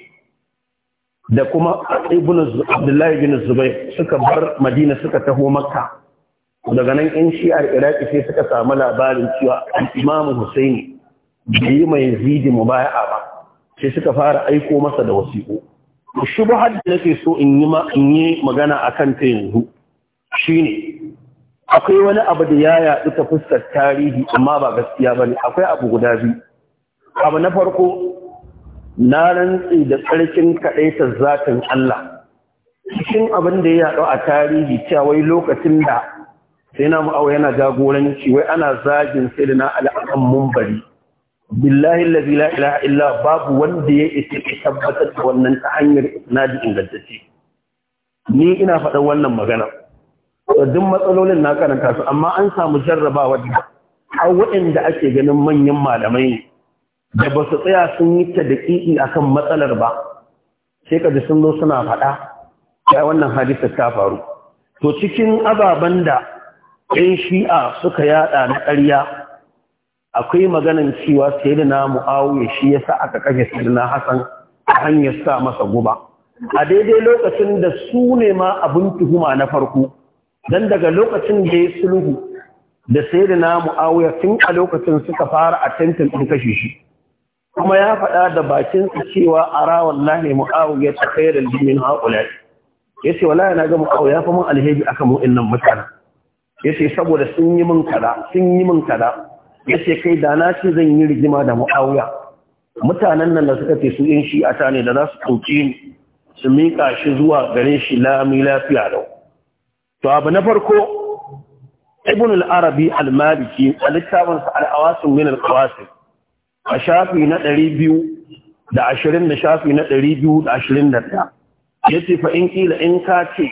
Speaker 2: da kuma abdullahi bin zubai suka bar madina suka taho makka daga nan yan shi'ar iraki sai suka samu labarin cewa imamu husaini bai yi mai zidi mubaya'a ba sai suka fara aiko masa da wasiƙo shubhar da nake so in yi in yi magana akan ta yanzu Shi ne. akwai wani abu da ya yaɗu ta fuskar tarihi amma ba gaskiya ba ne akwai abu guda biyu abu na farko na rantsi da tsarkin kaɗaitar zatin Allah cikin abin da ya yaɗu a tarihi cewa wai lokacin da sai na mu'awa yana jagoranci wai ana zagin sai da na al'adun mumbari billahi la illa babu wanda ya isa ya tabbatar da wannan ta hanyar isnadi ingantacce ni ina faɗan wannan magana duk matsalolin na karanta su amma an samu jarrabawa da har waɗanda ake ganin manyan malamai ne da ba su tsaya sun yi ta daƙiƙi a kan matsalar ba sai ka ji sun zo suna faɗa ya wannan hadisa ta faru to cikin ababen da Yan shi'a suka yada na ƙarya akwai maganan cewa da sayyidina mu'awiya shi ya sa aka kashe na hasan a hanyar sa masa guba a daidai lokacin da su ne ma abin tuhuma na farko don daga lokacin da ya sulhu da da sayyidina mu'awiya tun a lokacin suka fara attentin din kashe shi kuma ya faɗa da bakin cewa ara wallahi mu'awiya ta khairal haƙulai, ya ce wala na ga ya fi mun alheri akan nan mutanen yace saboda sun yi min kada, sun yi min ya ce, kai da na ce zan yi rigima da mu'awuya mutanen nan da suka ce su yin shi ata ne da za su kauce ni su miƙa shi zuwa gare shi lami lafiya lau to abu na farko ibn al-arabi al-maliki a littafin sa al-awasim min al-qawasim a shafi na 200 da 20 da shafi na 221 yace fa in kila in ka ce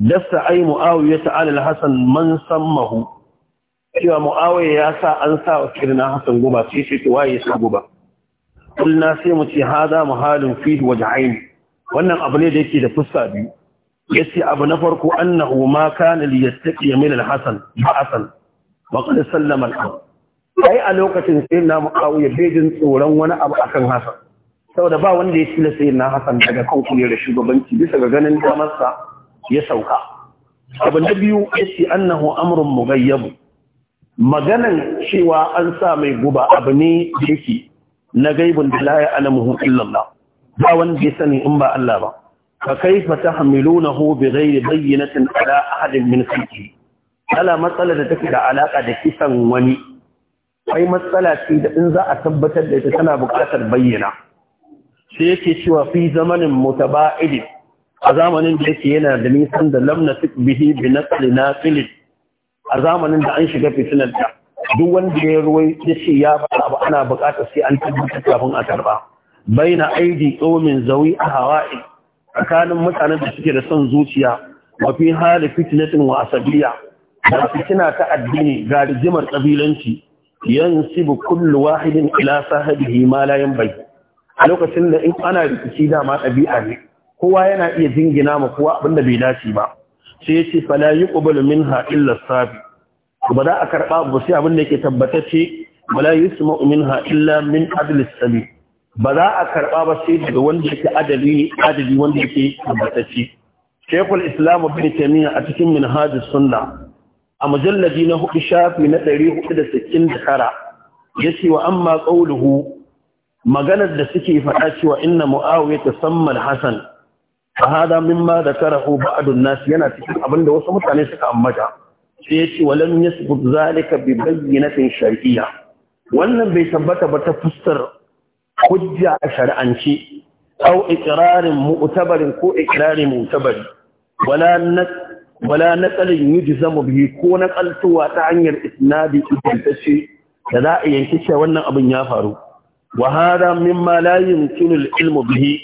Speaker 2: dasta ai mu'awiya ta alal hasan man sammahu cewa mu'awiya ya sa an sa wa kirna hasan guba sai sai ta waye sa guba kulna sai mu ce hada muhalin fi wajhain wannan abu ne da yake da fuska biyu yace abu na farko annahu ma kana li yastaqi min al hasan hasan wa qad sallama al ai a lokacin sai na mu'awiya bai jin tsoron wani abu akan hasan saboda ba wanda ya tilasta sai na hasan daga kan da shugabanci bisa ga ganin damarsa ya sauka abu na biyu ya ce annahu mu gayyabu. maganan cewa an sa mai guba abu ne da yake na gaibun da la ya'lamuhu illa Allah ba wanda ya sani in ba Allah ba fa kaifa tahmilunahu bighayri bayyinatin ala ahadin min khalqihi ala matsala da take da alaka da kisan wani kai matsala ce da in za a tabbatar da ita tana buƙatar bayyana sai yake cewa fi zamanin mutaba'idin a zamanin da yake yana da nisan da lamna tuk bihi bi na filin. a zamanin da an shiga fitinar da duk wanda ya ruwai ya ce ya faɗa ba ana buƙatar sai an tabbata kafin a karba baina aidi qaumin zawi ahwa'i tsakanin mutanen da suke da son zuciya mafi fi hali fitnatin wa asabiya da fitina ta addini ga rijimar kabilanci yansibu kullu wahidin ila sahibihi ma la yanbaghi a lokacin da in ana rikici dama ɗabi'a ne kowa yana iya jingina ma kowa abinda bai dace ba sai ya ce fala yuqbalu minha illa safi ba za a karba ba sai abin da yake tabbatacce wala yusma'u minha illa min adli sabi ba za a karba ba sai daga wanda yake adali adali wanda yake tabbatacce Sheikhul Islam Ibn Taymiyyah a cikin Minhaj Sunna a mujalladi na hudu shafi na 469 yace wa amma qawluhu maganar da suke faɗa cewa inna Muawiya Samman Hasan فهذا مما ذكره بعض الناس ينا تكون أبن دو سمت عن سكا أمجا سيتي ولم يثبت ذلك ببينة شرعية ولم بيثبت بتفسر حجة شرعا شيء أو إقرار مؤتبر كو إقرار مؤتبر ولا نت ولا نقل يجزم به كو نقلتوا تعنير إسناد إجلتشي لذا ينكشى ونن أبن يافارو وهذا مما لا يمكن العلم به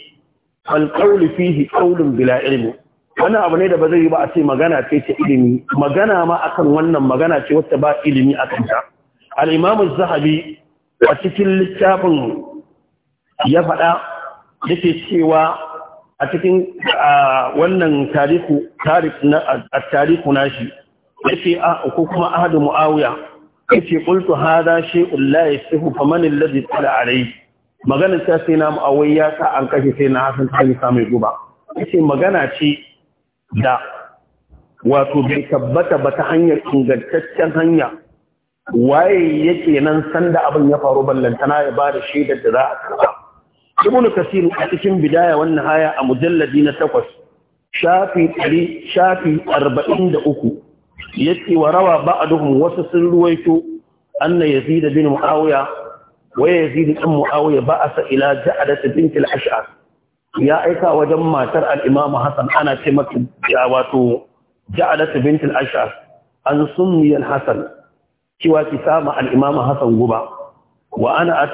Speaker 2: falƙauli fihi ƙaulun bila ilmi wannan abu ne da ba zai yi ba a ce magana ce ta ilimi magana ma akan wannan magana ce wacce ba ilimi a kanta al zahabi a cikin littafin ya faɗa yake cewa a cikin wannan tariku tariku nashi yake ko kuma ahadu muawiya yake qultu hadha shay'un la yasihu faman alladhi a alayhi maganar ta sai na ma'awai ya sa an kashe sai na hasan ta mai guba ce magana ce da wato bai tabbata ba ta hanyar ingantaccen hanya waye yake nan sanda abin ya faru ballantana ya ba da shaidar da za a karɓa ibnu kasir a cikin bidaya wannan haya a mujalladi na takwas shafi ɗari shafi arba'in da uku yace wa rawa ba'aduhum wasu sun ruwaito anna yazid bin muawiya ويزيد بن معاويه muawiya ba جعده ila ja'adat يا al وجن ya aika wajen matar al-imam ana ce ya wato ja'adat bint al-ash'ar an summi al-hasan cewa ki sama guba wa ana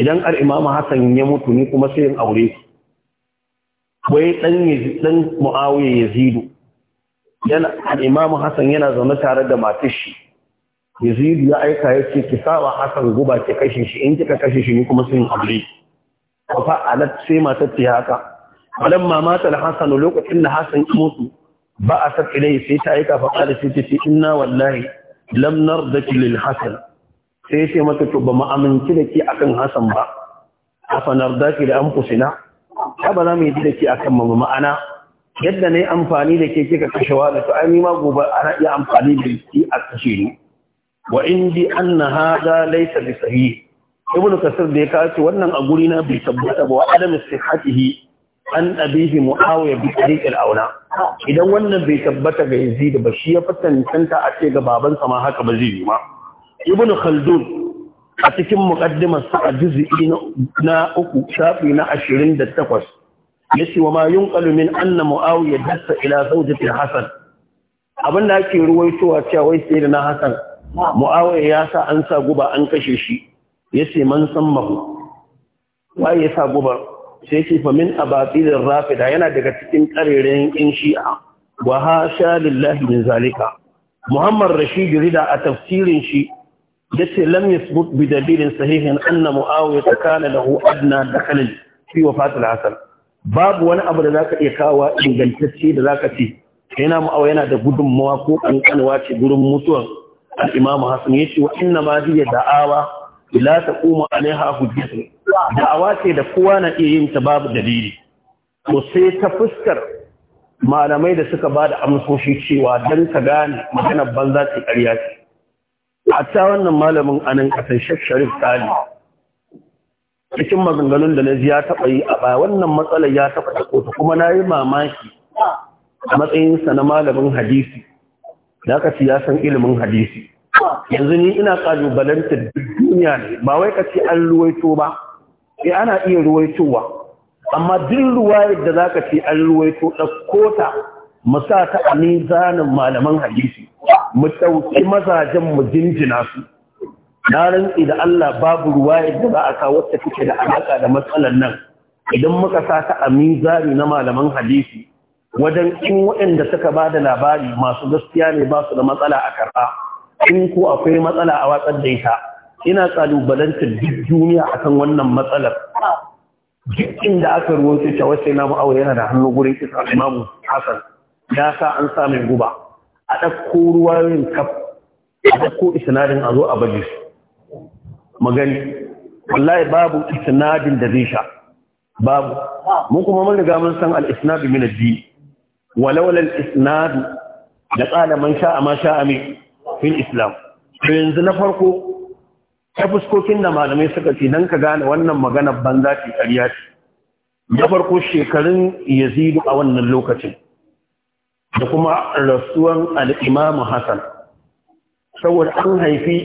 Speaker 2: idan al hasan ya mutu ni kuma sai in aure wai dan dan muawiya yazidu yana al hasan yana zaune tare da matar shi yazid ya aika ya ce ki sawa hasan guba ki kashe shi in kika kashe shi ni kuma sun aure fa alat sai matar ta haka falamma mata hasan lokacin da hasan ya mutu ba a sa ilai sai ta aika fa qala sai ta ce inna wallahi lam nardaki lil hasan sai sai mata to ba mu aminci da ki akan hasan ba afa ki da anfusina ka ba za mu yi da ki akan mu ma'ana yadda ne amfani da ke kika kashewa da to ai ma gobe ana iya amfani da ki a kashe ni wa indi anna hadha laysa bi sahih ibn kasir da ya kace wannan a guri na bai tabbata ba wa adam sihhatihi an abihi muawiya bi tariq al idan wannan bai tabbata ga yazid ba shi ya fatantanta a ce ga babansa ma haka ba zai yi ma Ibnu khaldun a cikin mukaddimar sa a juz'i na uku shafi na ashirin da takwas ya ce wa ma yunqalu min anna muawiya dasa ila zawjati hasan abin da ake ruwaitowa cewa wai sai da na hasan Mu'awai ya sa an sa guba an kashe shi ya ce man san mahu Wa ya sa guba sai ce fa min abatilin rafida yana daga cikin ƙarerayen in shi'a wa sha lillahi min zalika muhammad rashid rida a tafsirin shi yace lam yasbut bi dalilin sahihin anna mu'awiyah kana lahu adna dakal fi wafatil hasan babu wani abu da zaka iya kawo ingantacce da zaka ce yana mu'awiyah yana da gudunmawa ko kankanwa ce gurin mutuwan al-imam ya ce, wa inna ma hiya da'awa la taqumu alaiha hujjatu da'awa ce da kowa na iya yin ta babu dalili to sai ta fuskar malamai da suka ba da amsoshi cewa dan ka gane magana banza ce ƙarya ce ta wannan malamin anan kasan Sheikh Sharif Sali cikin maganganun da na ji ya taɓa yi a baya wannan matsalar ya taɓa ta kuma na yi mamaki a matsayinsa na malamin hadisi da ci ya ilimin hadisi yanzu ni ina kalubalanta duk duniya ne ba wai ka ce an ruwaito ba eh ana iya ruwaitowa amma duk ruwayar da za ka ce an ruwaito ɗauko ta mu sa ta a mizanin malaman hadisi mu ɗauki mazajen mu jinjina su na rantsi da Allah babu ruwayar da za a kawo wacce take da alaƙa da matsalar nan idan muka sa ta a mizani na malaman hadisi wajen in waɗanda suka ba da labari masu gaskiya ne ba su da matsala a karɓa in ko akwai matsala a watsar da ita ina ƙalubalantar duk duniya akan wannan matsalar duk inda aka su ta wasu na ma'awa yana da hannu gurin isa, imamu hasan ya sa an sa mai guba a ɗauko ruwayoyin kaf a ɗauko isinadin a zo a baje su magani wallahi babu isinadin da zai sha babu mun kuma mun riga mun san al-isnad min ad-din walaula al da qala man sha'a ma islam to yanzu na farko ta fuskokin da malamai suka ce dan ka gane wannan magana banza ce ƙarya ce na farko shekarun yazidu a wannan lokacin da kuma rasuwan al Hassan saboda an haifi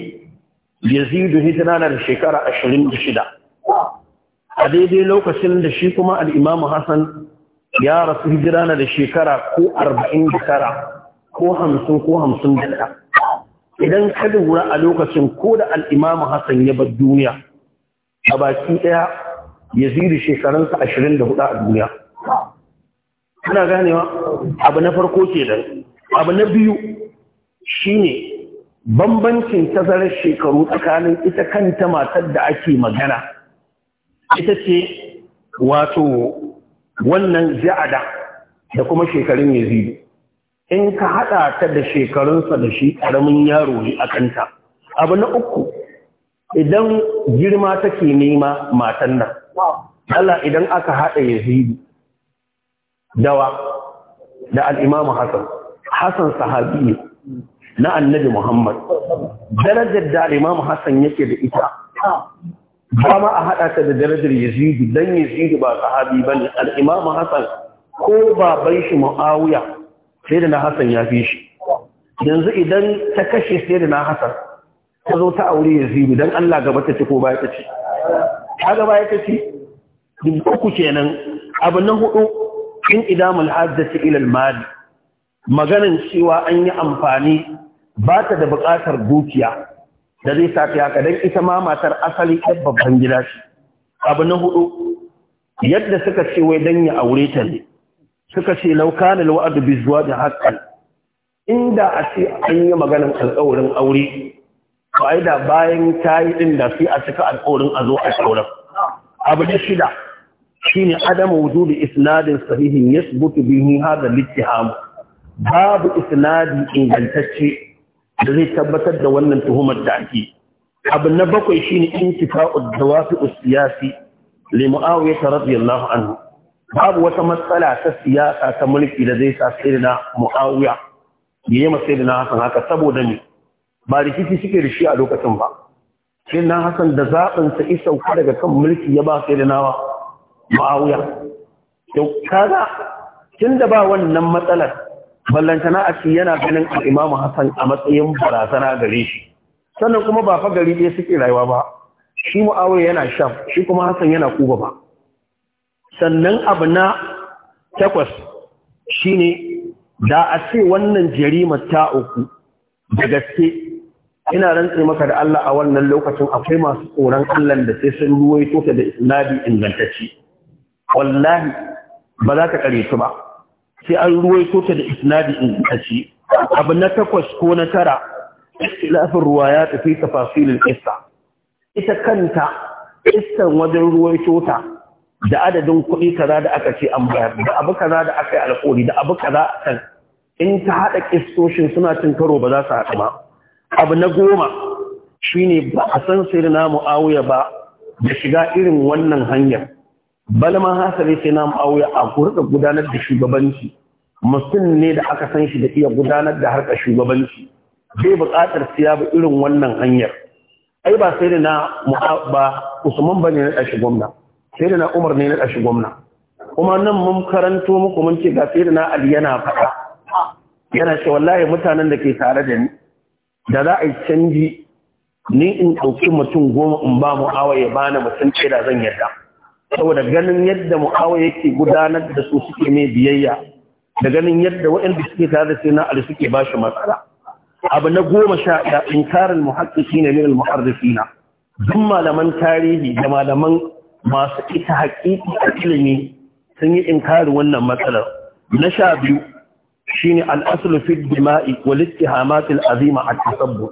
Speaker 2: yazidu hijira da shekara shida, a daidai lokacin da shi kuma al Hassan. ya rasu hijira na da shekara ko arba'in da tara ko hamsin ko hamsin da ɗaya idan ka lura a lokacin ko da al'imamu hassan ya bar duniya a baki ɗaya ya ziri shekarunsa ashirin da hudu a duniya ana ganewa abu na farko ke da abu na biyu shine bambancin tazarar shekaru tsakanin ita kanta matar da ake magana ita ce wato wannan ja'ada da kuma shekarun yazidu in ka haɗa ta da shekarunsa da shi ƙaramin yaro ne a kanta abu na uku idan girma take nema matan nan Allah idan aka haɗa yazidu dawa da al'imamu Hassan Hassan sahabi ne na annabi Muhammad darajar da al'imamu Hassan yake da ita ba a haɗa ta da darajar yazidu dan yazidu ba sahabi ba ne al'imamu Hassan ko baban shi mu'awiya sai da na Hassan ya fi shi yanzu idan ta kashe sai da na Hassan, ta zo ta aure yazidu dan allah gaba ta ci ko baya ta ci ta gaba ya ta ci uku kenan abu na hudu in idamul hajjati ilal al maganin cewa an yi amfani ba ta da buƙatar dukiya da zai sa haka don ita ma matar asali ɗan babban gida shi abu na hudu yadda suka ce wai dan ya aure ta ne suka ce laukanin wa'adu bi zuwa da inda a ce an yi maganin alƙawarin aure ba ai da bayan ta yi ɗin da sai a cika alƙawarin a zo a sauran abu na shida shi shine adamu da isnadin sahihin yasbutu bihi hadha al babu isnadi ingantacce da zai tabbatar da wannan tuhumar da ake abu na bakwai shine intifa'ud dawafi siyasi li muawiya radiyallahu anhu babu wata matsala ta siyasa ta mulki da zai sa sayyidina muawiya yi masa sayyidina hasan haka saboda ne ba rikici suke da shi a lokacin ba sayyidina hasan da zaɓin sa isa daga kan mulki ya ba sayyidina muawiya to kaga tunda ba wannan matsalar ballantana a ci yana ganin al'imamu hassan a matsayin barazana gare shi sannan kuma ba fa gari ɗaya suke rayuwa ba shi mu'awar yana sham shi kuma hassan yana kuba ba sannan abu na takwas shi ne. da a ce wannan jarima ta uku da gaske ina rantse maka da Allah a wannan lokacin akwai masu tsoron Allah da sai sun ruwai ta da isnadi ingantacce wallahi ba za ka kare su ba sai an ruwaito ta da isnadi in kashi abu na takwas ko na tara ikhtilafin ruwa ya tafi tafasilin qissa ita kanta qissan wajen ruwaito ta da adadin kuɗi kaza da aka ce an bayar da abu kaza da aka yi alƙawari da abu kaza kan in ta haɗa kistoshin suna cin karo ba za su haɗu ba abu na goma shine ba a san sai na mu'awiya ba da shiga irin wannan hanyar balma hasari sai nam auya a kurka gudanar da shugabanci mutum ne da aka san shi da iya gudanar da harkar shugabanci bai buƙatar siya ba irin wannan hanyar ai ba sai da na ba usman bane na ɗashi gwamna sai da na umar ne na ɗashi gwamna kuma nan mun karanto muku mun ce ga sai da na ali yana faɗa yana ce wallahi mutanen da ke tare da ni da za a canji ni in ɗauki mutum goma in ba mu awaye ya bani mutum ce da zan yarda saboda ganin yadda mu'awa yake gudanar da su suke mai biyayya da ganin yadda waɗanda suke tare da sai na ali suke ba shi matsala abu na goma sha ɗaya inkarin muhakkiki ne min al duk malaman tarihi da malaman masu ita haƙiƙi a ilimi sun yi inkari wannan matsalar na sha biyu shine al-aslu fi dima'i wal ittihamat al-azima at-tasabbut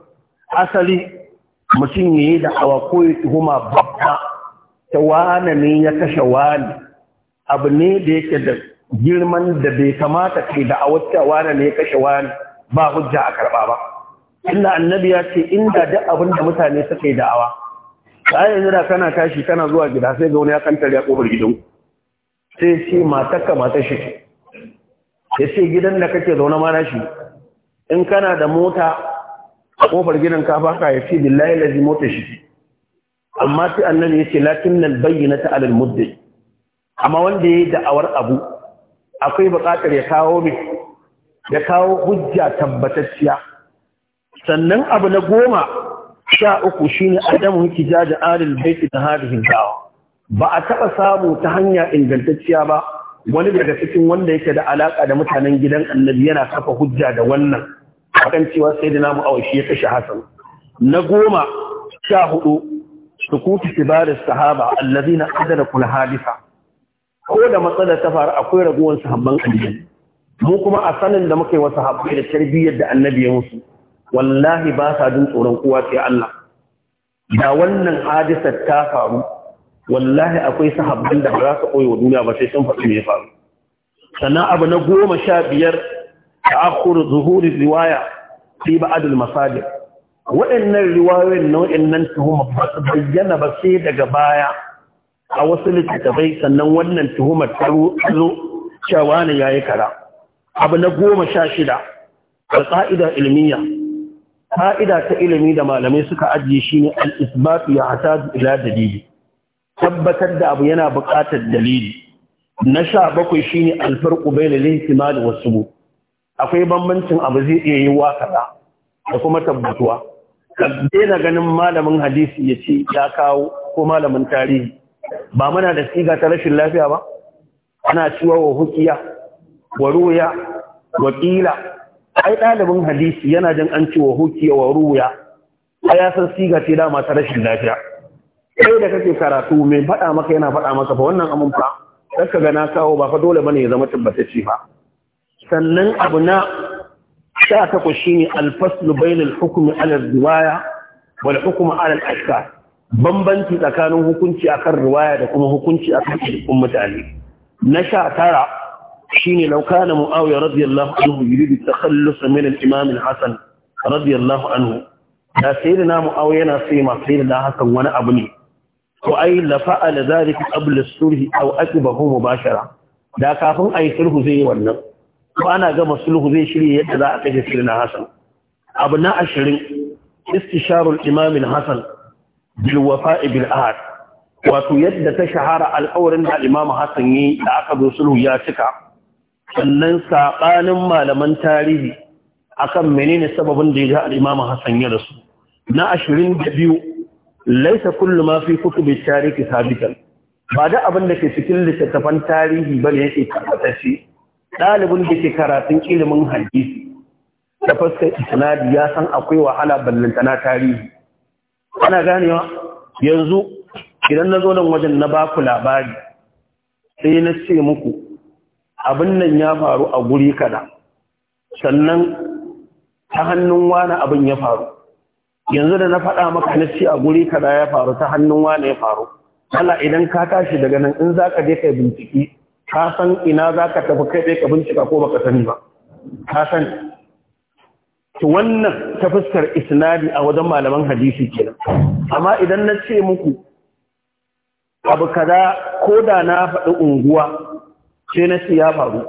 Speaker 2: asali mutum yayi da awa ko tuhuma babba ta wane ne ya kashe wani abu ne da yake da girman da bai kamata kai da a wata wane ne ya kashe wane ba hujja a karɓa ba inda annabi ya ce inda duk abin da mutane suka yi da'awa ta da kana tashi kana zuwa gida sai ga wani ya kantar ya kofar gidan sai ce matarka matar shi ya ce gidan da kake zaune ma shi in kana da mota a kofar gidan ka baka ya ce billahi lazi mota shi amma sai annabi yace nan bayyinata alal muddi amma wanda yayi da'awar abu akwai buƙatar ya kawo ya kawo hujja tabbatacciya sannan abu na goma sha uku shine adamu Jaji, alil baiti ta hadihi dawa ba a taɓa samu ta hanya ingantacciya ba wani daga cikin wanda yake da alaka da mutanen gidan annabi yana kafa hujja da wannan akan cewa sai da namu awashi ya kashe hasan na goma sha hudu sukutu kibarin sahaba allazi na adada kula hadisa ko da matsalar ta faru akwai raguwar sahabban aliyu mu kuma a sanin da muka yi wasu haɓɓai da tarbiyyar da annabi ya musu wallahi ba sa jin tsoron kowa sai Allah da wannan hadisar ta faru wallahi akwai sahabban da ba za su koyi wa duniya ba sai sun faɗi me ya faru sannan abu na goma sha biyar ta akhuru zuhuri riwaya fi ba'adul masajid waɗannan riwayoyin nau'in nan tuhuma ba su bayyana ba sai daga baya a wasu littattafai sannan wannan tuhumar ta zo cewa ne yi kara abu na goma sha shida da ƙa'ida ilmiya ƙa'ida ta ilimi da malamai suka ajiye shi ne al-isbatu ya hata ila dalili tabbatar da abu yana buƙatar dalili na sha bakwai shine alfarqu bayna al-ihtimal da wasu akwai bambancin abu zai iya yi wa kaza da kuma tabbatuwa daina ganin malamin hadisi ya ce ya kawo ko malamin tarihi ba muna da siga ta rashin lafiya ba ana cewa wa hukiya wa ruya wa ƙila ai ɗalibin hadisi yana jin an ce wa hukiya wa ruya a ya san siga ce dama ta rashin lafiya kai da kake karatu mai faɗa maka yana faɗa maka fa wannan amin fa ka ga na kawo ba fa dole bane ya zama tabbatacce ba sannan abu na sha takwas ne alfaslu bainal hukmi ala riwaya wal hukmu ala al bambanci tsakanin hukunci akan riwaya da kuma hukunci akan ilmin mutane na sha tara shine laukana kana muawiya radiyallahu anhu yuridu takhallus min al-imam hasan radiyallahu anhu da sayyidina muawiya yana sai ma sayyidina hasan wani abu ne to ai la fa'ala abu da as-sulh aw aqibahu mubashara da kafin ayi sulhu zai yi wannan ba ana gama sulhu zai shirya yadda za a kashe sirrin Hassan. abu na ashirin istisharul imamin Hassan bil wafa'i bil ahad wato yadda ta shahara alƙawarin da imam Hassan yi da aka zo sulhu ya cika sannan saɓanin malaman tarihi akan menene sababin da ya ga imam hasan ya rasu na ashirin da biyu laisa kullu ma fi kutubi tarihi sabitan ba da abin da ke cikin littattafan tarihi bane yake tabbatacce ɗalibin da ke karatun ilimin hadisi da fuskar isnadi ya san akwai wahala ballantana tarihi ana ganewa yanzu idan na zo nan wajen na baku labari sai na ce muku abin nan ya faru a guri kada sannan ta hannun wani abin ya faru yanzu da na faɗa maka na ce a guri kada ya faru ta hannun wani ya faru Allah idan ka tashi daga nan in za ka je kai bincike ka san ina za ka tafi kai ka bincika ko baka sani ba ka san wannan ta fuskar isnadi a wajen malaman hadisi kenan amma idan na ce muku abu kada ko da na faɗi unguwa sai na ce ya faru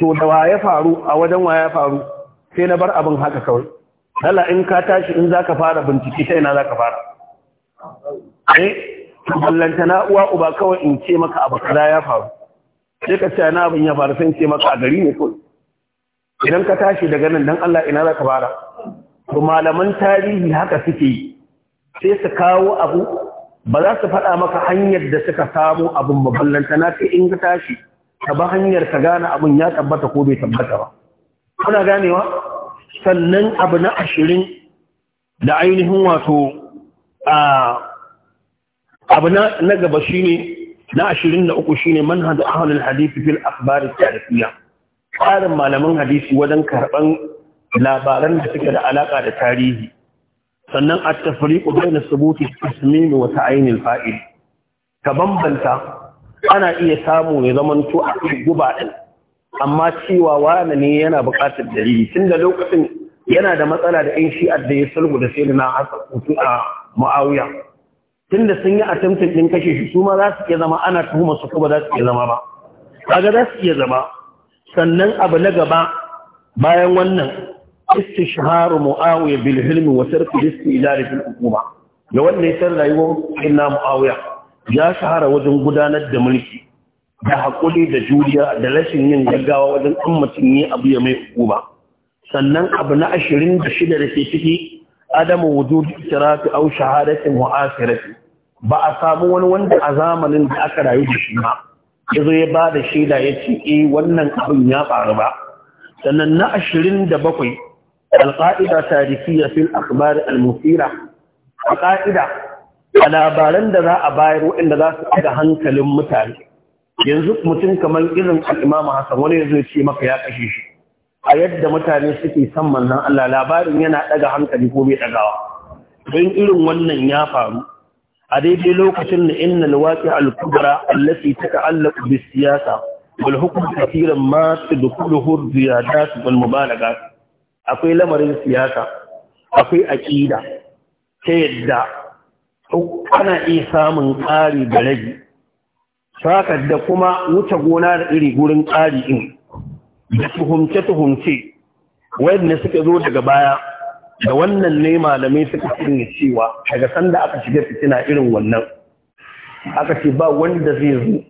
Speaker 2: to da wa ya faru a wajen wa ya faru sai na bar abin haka kawai hala in ka tashi in za ka fara bincike ta ina za ka fara eh ballanta na uwa uba kawai in ce maka abu kaza ya faru sai ka ce abin ya faru sai ce maka a gari ne ko idan ka tashi daga nan dan Allah ina za fara to malaman tarihi haka suke yi sai su kawo abu ba za su faɗa maka hanyar da suka samu abin maballanta na sai in ka tashi ka ba hanyar ka gane abin ya tabbata ko bai tabbata ba kuna ganewa sannan abu na ashirin da ainihin wato a abu na gaba shine na ashirin da uku shine manhaj ahlul hadisi fil akhbar tarifiyya tsarin malaman hadisi wajen karban labaran da suke da alaka da tarihi sannan at-tafriqu bayna thubuti tasmim wa ta'yin al-fa'il ka bambanta ana iya samu ya zamanto a guba din amma cewa wani ne yana buƙatar dalili tun da lokacin yana da matsala da ƴan shi'a da ya sulhu da sai na a mu'awiya tunda sun yi attempting din kashe shi su ma za su iya zama ana tuhuma su kuma za su iya zama ba kaga za su iya zama sannan abu na gaba bayan wannan istishharu muawiya bil hilmi wa tarku istidari fil hukuma ya wannan ya rayuwar inna muawiya ya shahara wajen gudanar da mulki da hakuri da juriya da rashin yin gaggawa wajen in mutum yi abu ya mai hukuma sannan abu na ashirin da shida da ke ciki adamu wujud ikirafi aw shahadatin wa ba a samu wani wanda a zamanin da aka rayu da shi ba yazo ya ba da shaida yace eh wannan abin ya faru ba sannan na 27 alqaida tarikiyya fil akhbar al-mufira alqaida a labaran da za a bayar waɗanda za su ɗaga hankalin mutane yanzu mutum kamar irin Al-Imam hassan wani yazo ya ce maka ya kashe shi a yadda mutane suke son manzon Allah labarin yana daga hankali ko bai dagawa don irin wannan ya faru a daidai lokacin da inna alwaqi al-kubra allati tata'allaqu bis-siyasa wal hukm kathiran ma tadkhuluhu ziyadat wal mubalaghat akwai lamarin siyasa akwai aqida ta yadda ana iya samun ƙari da rage sakar da kuma wuce gona da iri gurin ƙari in da tuhumce-tuhumce wadanda suka zo daga baya da wannan ne malamai suka sanya cewa daga sanda aka shiga fitina irin wannan aka ce ba wanda zai zo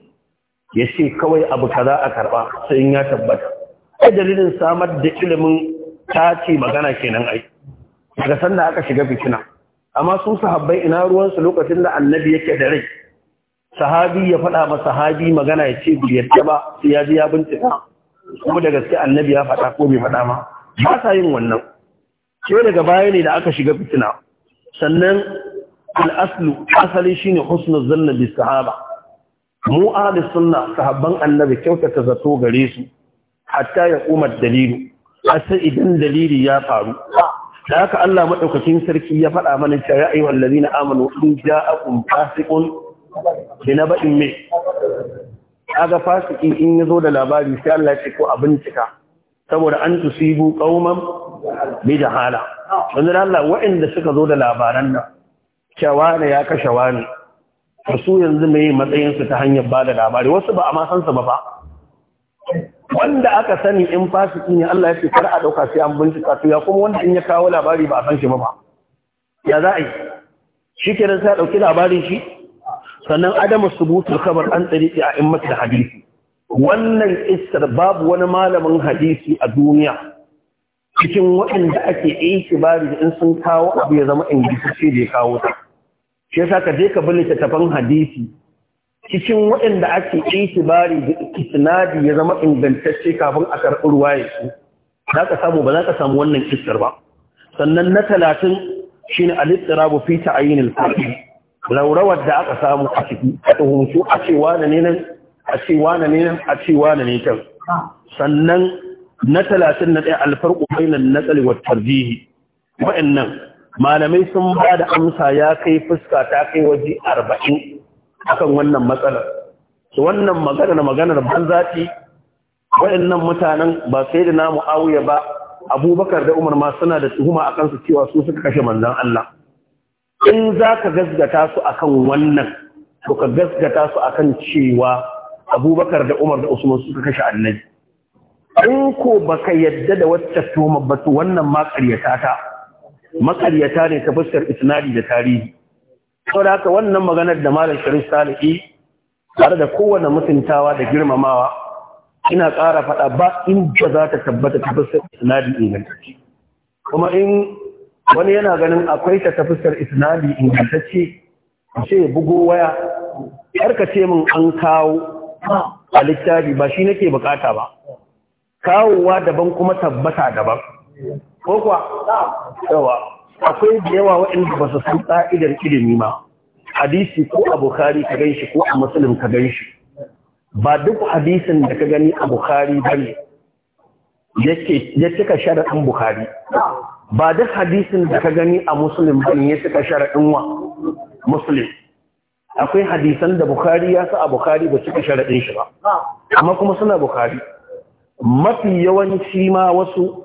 Speaker 2: ya ce kawai abu kaza a karba sai ya tabbata ai dalilin samar da ilimin ta ce magana kenan ai daga sanda aka shiga fitina amma su sahabbai ina ruwansu lokacin da annabi yake da rai sahabi ya faɗa ma sahabi magana ya ce ba sai ya ji ya bincika kuma da gaske annabi ya faɗa ko bai faɗa ma ba sa yin wannan sai daga baya ne da aka shiga fitina sannan Al-Asli aslu asali shine husnul zanna bis sahaba mu ahli sunna sahabban annabi kyautata zato gare su hatta ya kuma dalilu sai idan dalili ya faru da haka Allah madaukakin sarki ya faɗa mana cewa ya ayyuhallazina amanu in ja'akum fasiqun bi nabain min kaga fasiki in yazo da labari sai Allah ya ce ko a bincika saboda an tusibu qauman bi jahala dan Allah waɗanda suka zo da labaran nan cewa ne ya kashe wani su yanzu mai matsayin su ta hanyar bada labari wasu ba a ma san su ba ba wanda aka sani in fasiki ne Allah ya ce kar a dauka sai an bincika to ya kuma wanda in ya kawo labari ba a san shi ba ba ya za a yi shi kenan sai a dauki labarin shi sannan adama subutul kabar an tsariki a immat da hadisi wannan istar babu wani malamin hadisi a duniya cikin waɗanda ake ikibari da in sun kawo abu ya zama ingilisace da ya kawo ta shi yasa ka je ka bi littattafan hadisi cikin waɗanda ake ikibari da isnadi ya zama ingantacce kafin a karɓi ruwaye su za ka samu ba za ka samu wannan istar ba sannan na talatin shine al-istirabu fi ta'yin al laurawar da aka samu a ciki a tuhumsu a cewa na ne nan a cewa na ne nan a cewa na ne can sannan na talatin na ɗaya alfarko bainan natsali wa tarjihi wa'annan malamai sun ba da amsa ya kai fuska ta kai waje arba'in akan wannan matsalar su wannan maganar maganar banza ce wa'annan mutanen ba sai da namu awuya ba abubakar da umar ma suna da tuhuma a kansu cewa su suka kashe manzan Allah in za ka gasgata su akan wannan to ka gasgata su akan cewa abubakar da umar da usman suka kashe annabi in ko baka yadda da wacce toma ba to wannan ma ta maƙaryata ne ta fuskar isnadi da tarihi saboda haka wannan maganar da malam sharif salihi tare da kowane mutuntawa da girmamawa ina ƙara faɗa ba in ba za ta tabbata ta fuskar isnadi ingantacce kuma in wani yana ganin akwai ta tafisar isnadi ingantacce ce bugo waya ka ce min an kawo a littafi ba shi nake bukata ba kawowa daban kuma tabbata daban ko kuwa yawa akwai da yawa waɗanda ba su san ƙa'idar ilimi ma hadisi ko a Bukhari ka gan shi ko a Musulun ka gan shi ba duk hadisin da ka gani a Bukhari ba ne ya cika ɗan Bukhari ba duk hadisin da ka gani a ba ne ya cika shara'in wa musulun. akwai hadisan da Bukhari ya sa a Bukhari ba suka shara'in shi ba amma kuma suna Bukhari mafi yawanci ma wasu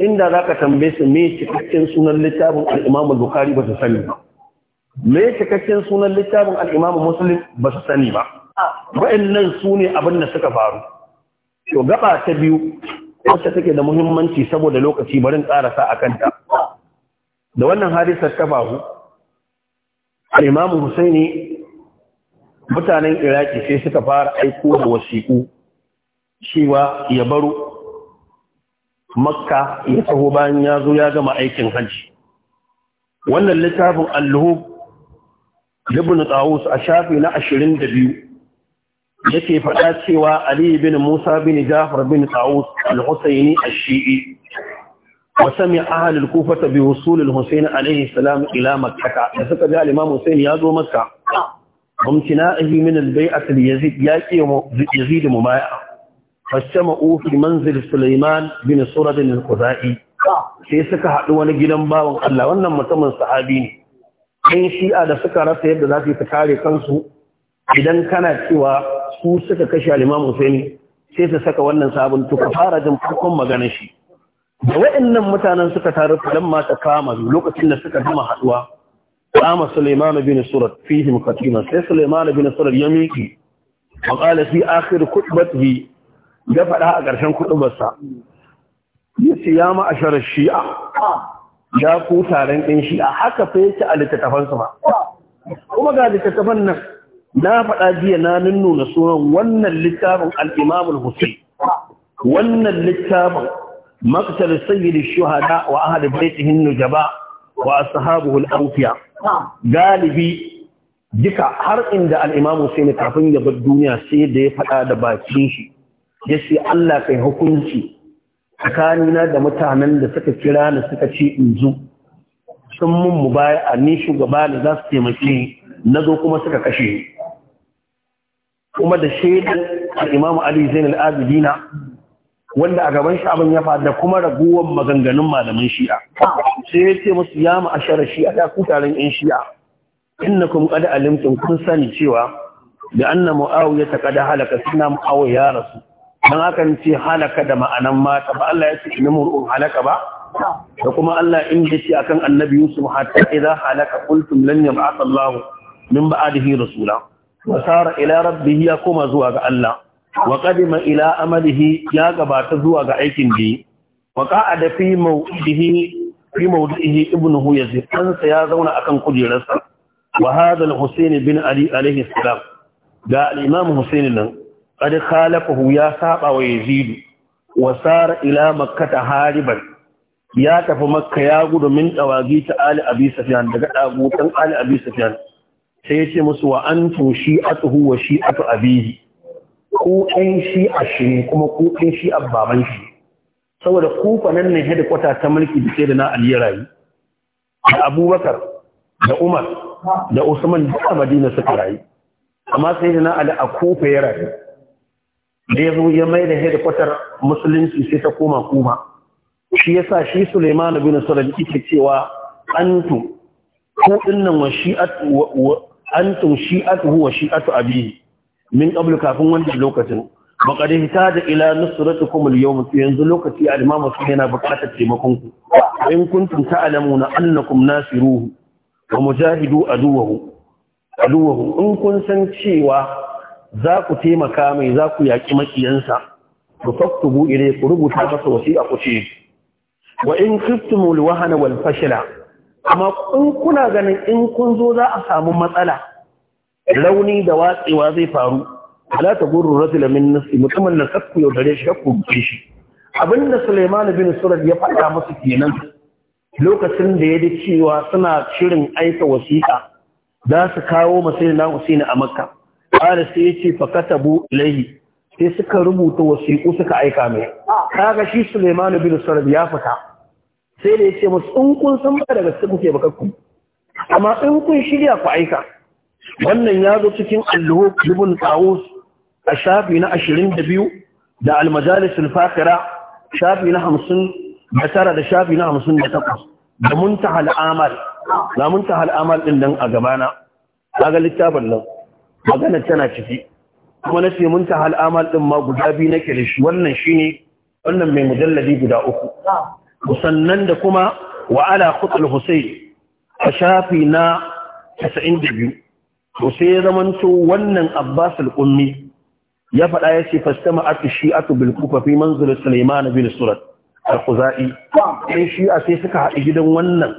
Speaker 2: inda za ka tambaye su me cikakken sunan littafin al'imamu Bukhari ba su sani ba me cikakken sunan littafin al'imamu musulun ba su sani ba nan su ne abin da suka faru to gaba ta biyu wacce take da muhimmanci saboda lokaci barin tsarasa a kanta da wannan hadisar ta faru al-imamu husaini mutanen iraki sai suka fara aiko da wasiƙu cewa ya baro makka ya taho bayan ya zo ya gama aikin hajji wannan littafin alluhu ibn tawus a shafi na ashirin da biyu yake faɗa cewa Ali bin Musa bin Jafar bin Sa'ud al husayni al-Shi'i wa sami ahlul Kufa bi wusul al-Husaini alayhi salam ila Makkah da suka ga Imam Husaini ya zo Makka mumtinaihi min al-bay'at al-Yazid yaqi Yazid mumaya fastama'u fi manzil Sulaiman bin Surad al-Qudai sai suka haɗu wani gidan bawan Allah wannan mutumin sahabi ne ɗan shi'a da suka rasa yadda za su kare kansu idan kana cewa su suka kashe al-Imam sai su saka wannan sabon tuka fara jin farkon maganar shi da waɗannan mutanen suka taru falan ma ta kama lokacin da suka gama haduwa qama Sulaiman bin Surat fihim khatiman sai Sulaiman bin Surat ya miki wa qala fi akhir khutbatihi ya faɗa a ƙarshen kuɗubarsa ya ce ya ma'asharar shi'a ya ku taron ɗin shi'a haka fa yake a littattafansu ba kuma ga littattafan nan na faɗa jiya na nuna sunan wannan littafin al-imam husayn wannan littafin مقتل السيد الشهداء وأهل wa النجباء وأصحابه الأوفياء Galibi, duka har inda al'imamu sai kafin ya bar duniya sai da ya faɗa da bakin shi ya ce Allah kai hukunci tsakanina da mutanen da suka kira ni suka ce in zu sun mun mu baya a ni shugaba da za su taimake na zo kuma suka kashe kuma da shaidan a imam ali zain al-abidina wanda a gaban shi ya faru da kuma raguwar maganganun malaman shi'a sai ya ce musu ya ma'ashara shi'a da ku taron yan shi'a innakum qad alimtum kun sani cewa da anna muawiya ta kada halaka sunna muawiya ya rasu dan haka ce halaka da ma'anan mata ba Allah ya ce inna mur'un halaka ba da kuma Allah in ya ce akan annabi Yusuf hatta idza halaka qultum lan yab'ath Allah min ba'dihi rasula wa ila rabbihi ya koma zuwa ga Allah wa qadima ila amalihi ya gabata zuwa ga aikin da wa qa'ada fi mawdihi fi mawdihi ibnuhu yazid kansa ya zauna akan kujerarsa wa hadha al-husayn bin ali alayhi salam da al-imam husayn nan qad khalafahu ya saba wa yazid wa sara ila makkah hariban ya tafi makka ya gudu min dawagi ta ali abi sufyan daga dagutan ali abi sufyan sai ya ce musu wa an tun shi a tuhu wa shi a tu abihi ku ɗan shi a shi ne kuma ku ɗan shi a baban shi saboda ku fanan ne kwata ta mulki da sai da na aliyarai rayu da abubakar da umar da usman da madina suka rayu amma sai da na ali a kufa ya rayu da ya zo ya mai da kwatar musulunci sai ta koma kuma shi yasa shi suleiman bin sulaiman yake cewa antu ko dinnan wa shi'at antum shi'atuhu wa shi'atu abihi min qabl kafin wannan lokacin hita da ila nusratikum al-yawm yanzu lokaci al yana buƙatar taimakon ku in alamu na annakum nasiruhu wa mujahidu aduwahu aduwahu in kun san cewa za ku taimaka mai za ku yaƙi makiyansa ku faktubu ilai ku rubuta masa wasi'a ku ce wa in khiftum al-wahana wal fashla amma in kuna ganin in kun zo za a samu matsala launi da watsewa zai faru ala ta gurru rajula min nasi mutumin da sakku dare shi ku rubuce shi abinda Sulaiman bin Surad ya faɗa musu kenan lokacin da ya ji cewa suna shirin aika wasiƙa za su kawo masai na Husaini a Makka ƙara sai ya ce fa katabu ilayhi sai suka rubuta wasiƙu suka aika mai kaga shi Suleiman bin Surad ya fita sai da ya ce musu in kun san ba daga gaske kuke bakakku amma in kun shirya ku aika wannan ya zo cikin alluhu ibn qawus a shafi na 22 da al-majalis al-fakira shafi na 50 da tara da shafi na 58 da muntaha al-amal la muntaha al-amal din nan a gaba Na kaga littafin nan magana tana ciki kuma na ce muntaha al-amal din ma guda biyu nake da shi wannan shine wannan mai mujalladi guda uku musannan da kuma wa'ala ala kutul a shafi na 92 to ya zamanto wannan abbas al ya faɗa ya ce fasta atu shi'atu bil kufa fi manzil Suleiman bin surat al-khuzai sai shi'a sai suka haɗi gidan wannan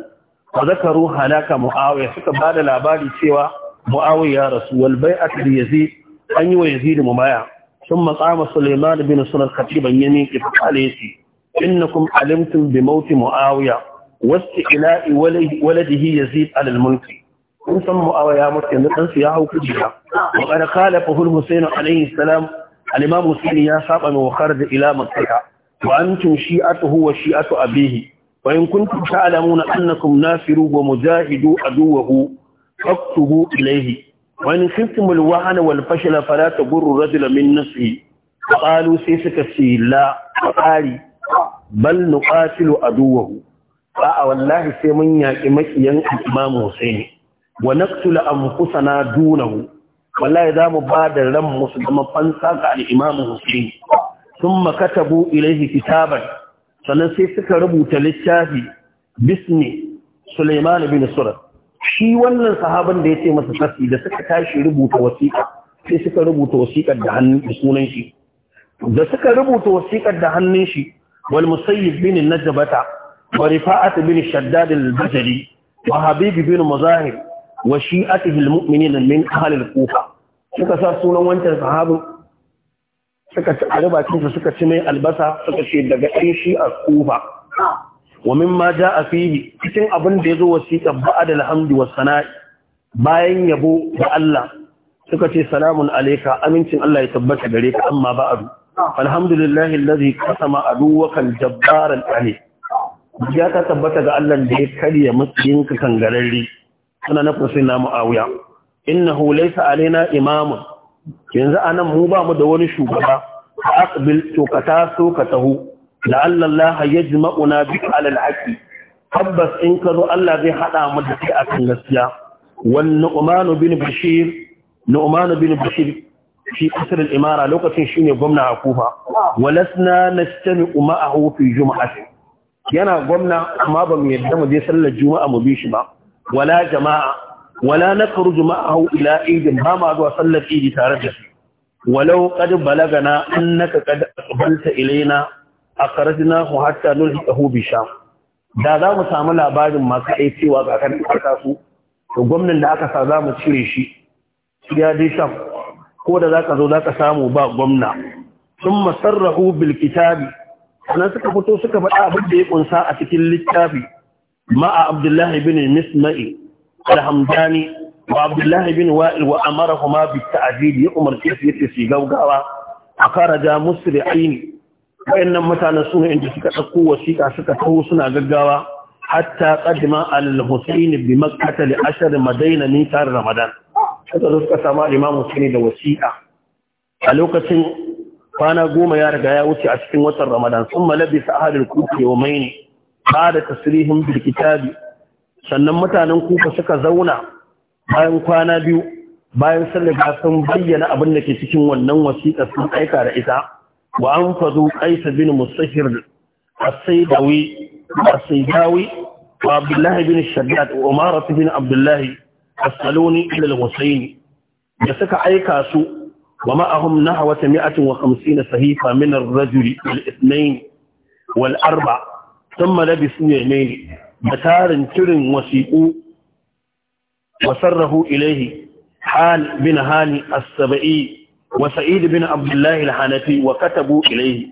Speaker 2: fa zakaru halaka mu'awai suka ba da labari cewa ya rasu Walbai bai'at yazi yazid an yi wa yazid mubaya ثم قام سليمان بن سنة خطيبا يمين ya يسي innakum alimtum bi mauti muawiya wasti ila'i waladihi yazid alal mulki kun san muawiya ya mutu yanzu dan ya hau kujiya wa qad khalafa husayn alayhi salam al-imam husayn ya saba mu kharaja ila makkah wa antum shi'atuhu wa shi'atu abihi wa in kuntum ta'lamuna annakum nasiru wa mujahidu aduwahu faktubu ilayhi وإن خفتم الوهن والفشل فلا تبر الرجل من نفسه sai suka لا فقالي bal nuqatilu aduwahu a wallahi sai mun yaki makiyan Imam husaini wa naqtul anfusana dunahu wallahi zamu ba da ran musu zama fansa ga al-Imam Hussein thumma katabu ilayhi kitaban sannan sai suka rubuta littafi bismi Sulaiman bin Surah shi wannan sahaban da yace masa tafi da suka tashi rubuta wasiqa sai suka rubuta wasiƙar da hannun shi da suka rubuta wasiƙar da hannun shi wal musayyib bin najbata wa Bini bin shaddad al-bajali wa habib bin muzahir wa shi'atihi al-mu'minin min ahli al-kufa suka sa sunan wancan sahabin suka ci arbakin suka ci mai albasa suka ce daga ɗan shi a kufa wa mimma ja'a fihi cikin abin da zo wasiqa ba'da alhamdi was sana'i bayan yabo da Allah suka ce salamun alaika amincin Allah ya tabbata gare ka amma ba'adu alhamdulillahi allazi qasama aduwakal jabbaran alim ya ta tabbata ga Allah da ya karya matsayinka kangararre suna na fusin na innahu laysa alaina imamun yanzu anan mu ba mu da wani shugaba aqbil to ka taso ka taho la'alla Allah yajma'una bika ala al-haqi tabbas in ka zo Allah zai hada mu da kai akan gaskiya wan nu'man bin bashir nu'man bin bashir fi asirin imara lokacin shi ne gwamna a kufa walasna na stami umar a hufi juma'a yana gwamna amma ba mu yadda mu je sallar juma'a mu bi shi ba wala jama'a wala na karu juma'a hau ila idin ba ma zuwa sallar idi tare da shi walau kad balagana annaka kad aqbalta ilaina akhrajna hu hatta nulhiqahu bi sha. da za mu samu labarin masu aicewa ga kan su to gwamnan da aka sa za mu cire shi ya dai sham ko da zaka zo zaka samu ba gwamna sun masarrahu bil kitabi sannan suka fito suka faɗa abin da ya kunsa a cikin littafi ma'a abdullahi bin misma'i alhamdani wa abdullahi bin wa'il wa amarahuma bit ta'dil ya umarce su yace su gaugawa akaraja musri'aini wayannan mutanen sune inda suka dauko wasiƙa suka taho suna gaggawa hatta qadima al-husayn bi makkah li ashr madaina min ramadan suka zo suka samu al'imamu sani da wasiƙa a lokacin kwana goma ya riga ya wuce a cikin watan ramadan sun malabi sa'adar kuke wa maini ba da tasirihin birkitabi sannan mutanen kuka suka zauna bayan kwana biyu bayan sallaba sun bayyana abin da ke cikin wannan wasiƙa sun aika da ita wa an fazo kaisa bin musahir asaidawi asaidawi wa abdullahi bin shaddad wa umaratu bin abdullahi asaluni Ilil al da suka aika su wa ma'ahum nahwa 150 sahifa min ar-rajul al-ithnayn wal-arba thumma labisu yamayn da tarin kirin wasiqu وسره إليه حال بن هاني السبئي وسعيد بن عبد الله الحنفي وكتبوا إليه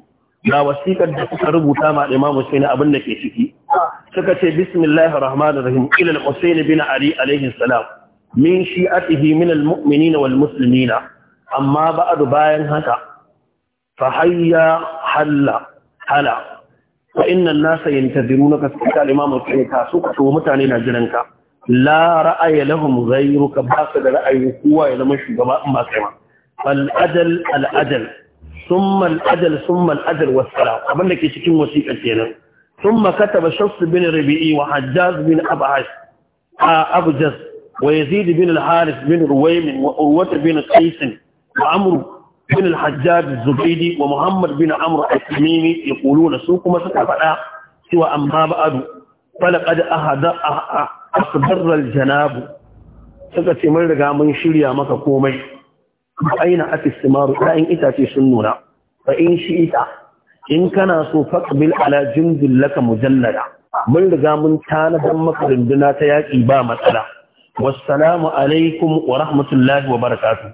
Speaker 2: ga wasiƙar da suka rubuta ma Imam Hussein abin da ke ciki suka ce bismillahir rahmanir rahim ila al-Husayn bin Ali alaihi salam min shi atihi min al-mu'minin wal-muslimina amma ba'du bayan haka fa hayya halla hala fa inna an-nasa yantazirunaka sai al-imamu sai ka su ko mutane na jiranka la ra'aya ka ghayruka ba'da da ra'ayi kuwa ya zama shugaba in ba kai ma sun ajal al-ajal thumma al-ajal thumma al-ajal was abinda ke cikin wasiƙar kenan thumma kataba shafs bin rabi'i wa hajjaz bin abhas a abjaz ويزيد بن الحارث بن رويم وأروة بن قيس وعمر بن الحجاج الزبيدي ومحمد بن عمرو التميمي يقولون سوكما ستفعل سوى أما بعد فلقد أهد أخضر الجناب suka ce mun riga mun shirya maka komai aina atis simaru ɗayan itace sun nuna fa in shi ita in kana so faqbil ala jundil laka mujallada mun riga mun maka runduna ta yaki ba matsala wassalamu alaikum wa rahmatullahi wa barakatu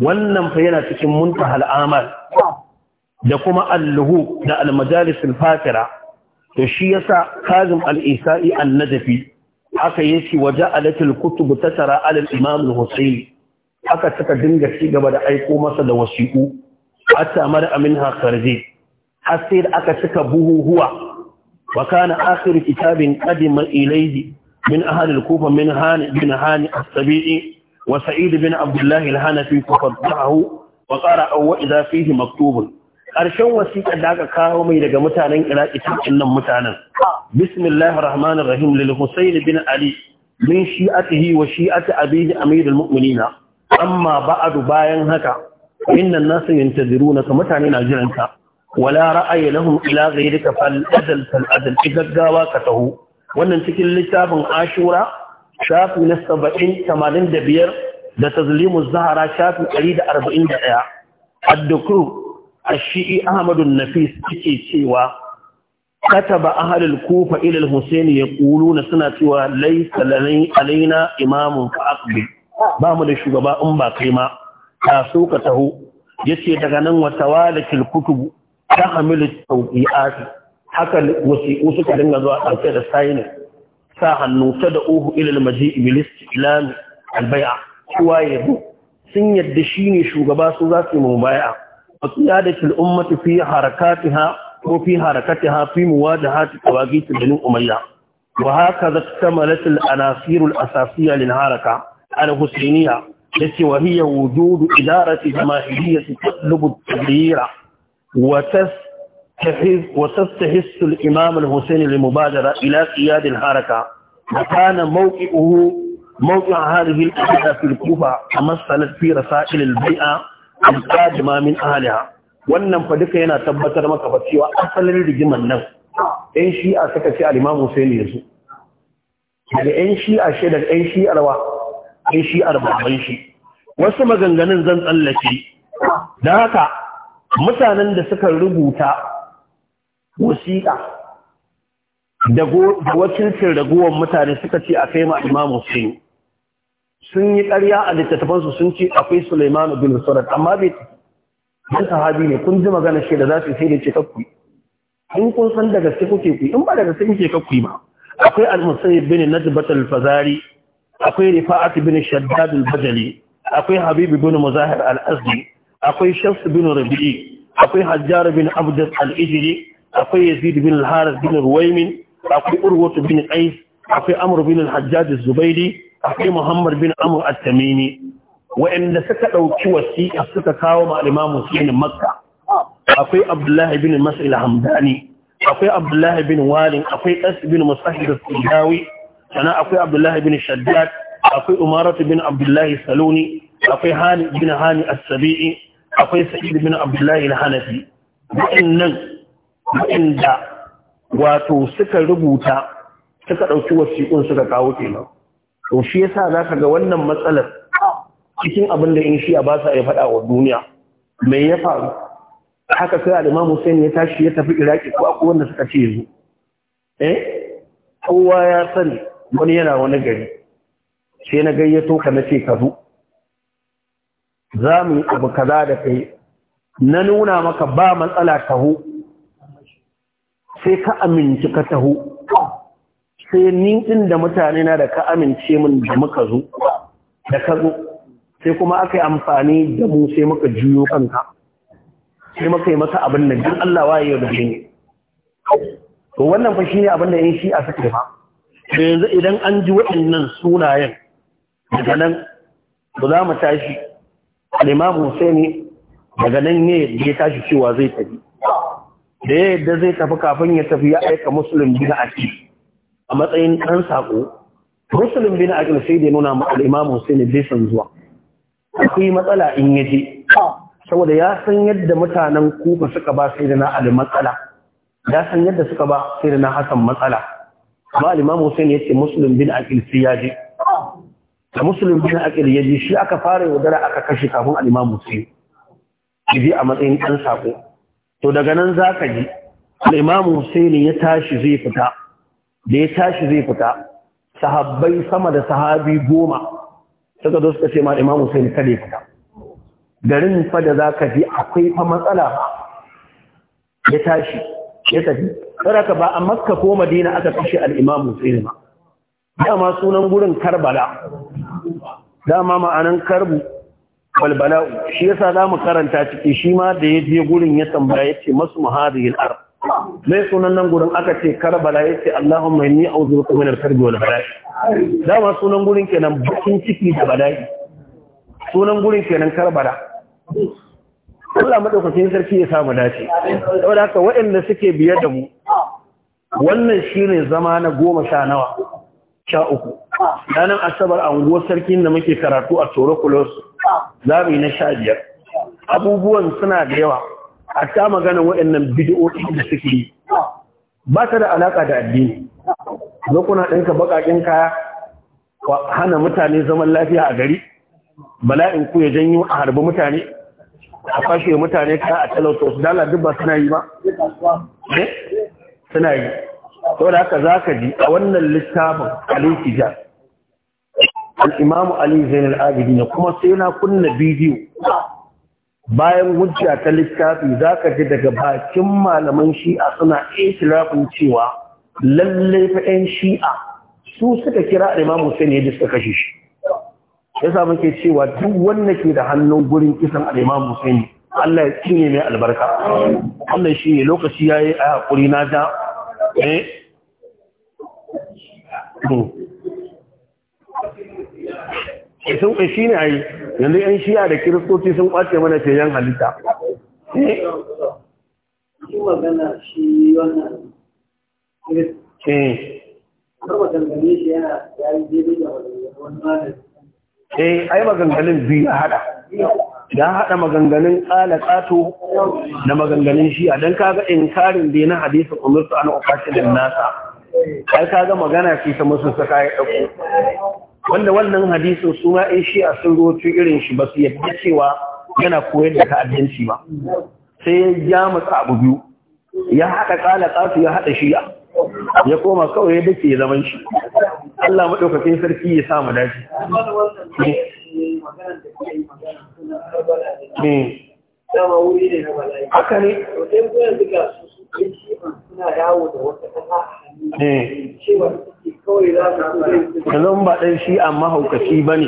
Speaker 2: wannan fa yana cikin muntahal amal da kuma alluhu da almajalisul fatira to shi yasa kazim al-isa'i an yi haka yace waja'alatul kutub tatara ala al-imam al-husayn haka taka dinga ci gaba da aiko masa da wasiqu hatta mara minha kharji hasir aka cika buhuhuwa wa kana akhir kitabin qadima ilayhi من أهل الكوفة من هاني بن هاني السبيعي وسعيد بن عبد الله الهنفي فقدعه وقال أو إذا فيه مكتوب أرشو وسيك داك كاو مي دغ متانن إلى إتقن متانن بسم الله الرحمن الرحيم للحسين بن علي من شيعته وشيعة أبيه أمير المؤمنين أما بعد باين هكا إن الناس ينتظرونك متاني ناجرنك ولا رأي لهم إلى غيرك فالأدل فالأدل إذا قاواك تهو wannan cikin littafin ashura shafi na saba'in tamanin da biyar da tazlimu zahara shafi ɗari da arba'in da ɗaya a ashi'i Ahmadu nafis yake cewa kataba ahlul kufa ila ya ƙulu na suna cewa laysa alaina imamun ka aqbi ba mu da shugaba in ba kai ma Ta so ka taho yace daga nan wa tawalatil kutub ta hamilu tawqi'at haka wasiƙu suka dinga zuwa ɗauke da sainin sa hannu ta da uhu ilil maji iblis ilami albai'a kowa ya zo sun yadda shi ne shugaba su za su yi mubaya a tsiya da kil ummatu fi harakatiha ko fi harakatiha fi muwajahati tawagitu bani umayya wa haka za ta malatul anasirul asasiyya lil haraka al-husainiyya التي وهي وجود ta جماهيرية تطلب التغيير وتس وتستحس الإمام الحسين للمبادرة إلى قياد الحركة وكان موقعه موقع هذه الأحداث في الكوفة تمثلت في رسائل البيئة القادمة من أهلها wannan fa duka yana tabbatar maka ba cewa asalin rigiman nan ɗan shi'a suka ce al-Imam Hussein yanzu daga ɗan shi'a she daga ɗan shi'ar wa ɗan shi'ar baban shi wasu maganganun zan tsallake Da haka mutanen da suka rubuta wasiƙa da wakilcin ragowar mutane suka ce a kai ma imam Hussein sun yi ƙarya a littattafansu sun ce akwai Suleiman bin Surat amma bai dan sahabi ne kun ji magana shi da za su sai da ce kakku in kun san da gaske kuke ku in ba da gaske kuke kakku ma akwai al-Musayyib bin Najbat al-Fazari akwai Rifa'at bin Shaddad al-Bajali akwai Habib bin Muzahir al-Azdi akwai Shams bin Rabi'i akwai Hajjar bin Abd al-Ijri akwai yazid bin al-harith bin ruwaymin akwai urwatu bin qais akwai amr bin al-hajjaj az-zubayri akwai muhammad bin amr at-tamimi wa'anda suka dauki wasiqa suka kawo ma imam sunan makka akwai abdullahi bin al hamdani akwai abdullahi bin walin akwai qas bin musahid al-sidawi sana akwai abdullahi bin shaddad akwai umaratu bin abdullahi saluni akwai hani bin hani as-sabi'i akwai sa'id bin abdullahi al-hanafi nan. waɗanda wato suka rubuta suka ɗauki wasiƙun suka kawo kenan to shi yasa za ka ga wannan matsalar cikin abin da in shiya ba sa ya faɗa wa duniya me ya faru haka sai al'imam Hussein ya tashi ya tafi Iraki ko akwai wanda suka ce yanzu eh kowa ya sani wani yana wani gari sai na gayyato ka nace ka zo za mu abu kaza da kai na nuna maka ba matsala taho sai ka aminci ka taho sai ni din da mutane na da ka amince min da muka zo da ka zo sai kuma aka yi amfani da mu sai muka juyo kanka sai muka yi masa abin da duk Allah waye yau da shi to wannan fa shine abin da yin shi a suke fa da yanzu idan an ji waɗannan sunayen daga nan ba za mu tashi al-Imam daga nan ne ya tashi cewa zai tafi da ya yadda zai tafi kafin ya tafi ya aika musulun bin aki a matsayin ɗan saƙo musulun bin aki sai da nuna ma al'imam hussein bisan zuwa akwai matsala in ya je saboda ya san yadda mutanen kufa suka ba sai da na ali matsala ya san yadda suka ba sai da na hasan matsala amma al'imam hussein ya ce musulun bin aki sai ya je da musulun bin aki ya je shi aka fara yaudara aka kashe kafin al'imam hussein ya je a matsayin ɗan saƙo to daga nan za ka ji al'imamu husaini ya tashi zai fita da ya tashi zai fita sahabbai sama da sahabi goma suka zo suka ce ma al'imamu husaini kada ya fita garin fa da za ka ji akwai fa matsala ya tashi ya tafi Karaka ba a makka ko madina aka kashe al'imamu husaini ba dama sunan gurin karbala dama ma'anan karbu balbala'u shi yasa za mu karanta ciki shi ma da ya je gurin ya tambaya ya ce masu muhadirin ar mai sunan nan gurin aka ce karbala ya ce Allahumma mai ni auzu ka minar karbi wani bala'i dama sunan gurin kenan bakin ciki da bala'i sunan gurin kenan karbala Allah madaukakin sarki ya samu dace saboda haka waɗanda suke biye da mu wannan shine zama na goma sha nawa sha uku ranar asabar a unguwar sarkin da muke karatu a tsoro kulos za mu yi na sha biyar abubuwan suna da yawa a ta magana waɗannan bidiyoyi da suke yi ba ta da alaƙa da addini Zo kuna ɗinka baƙaƙen kaya hana mutane zaman lafiya a gari bala'in ku ya janyo a harbi mutane a fashe mutane kaya a talauta wasu dala duk ba suna yi ba eh? suna yi saboda haka za ka ji a wannan littafin al Al'imamu al-imam ali zain abidin kuma sai na kunna bidiyo bayan hujja ta littafi za ka ji daga bakin malaman shi'a suna itirafin cewa lallai fa shi'a su suka kira imam hussein yadda suka kashe shi yasa muke cewa duk wanda ke da hannun gurin kisan al-imam hussein Allah ya cinye mai albarka wannan shi ne lokaci yayi a hakuri na da eh
Speaker 3: ne a yi yanzu 'yan shiya da kiristoci sun
Speaker 2: ƙwace mana yan halitta
Speaker 3: eh?
Speaker 1: shi
Speaker 2: eh. eh ai maganganun biyu a hada ya haɗa maganganun ƙala ƙato da maganganun shi'a don kaga inkarin da na hadisin umirtu an da nasa ai kaga magana shi ta musu saka ya
Speaker 3: ɗauko
Speaker 2: wanda wannan hadisin su ma shi'a sun rotu irin shi ba su yadda cewa yana koyar da ta'addanci ba sai ya ja masa abu biyu ya haɗa ƙala ƙato ya haɗa shi'a ya koma kawai ya zaman shi Allah maɗaukakin sarki ya sa mu dace ne magana da kuka yi haka
Speaker 3: ne su su suna yawo da wata ƙasa a hannu eh. cewa suke kawai za su
Speaker 2: su. ba ɗan mahaukaci ba ne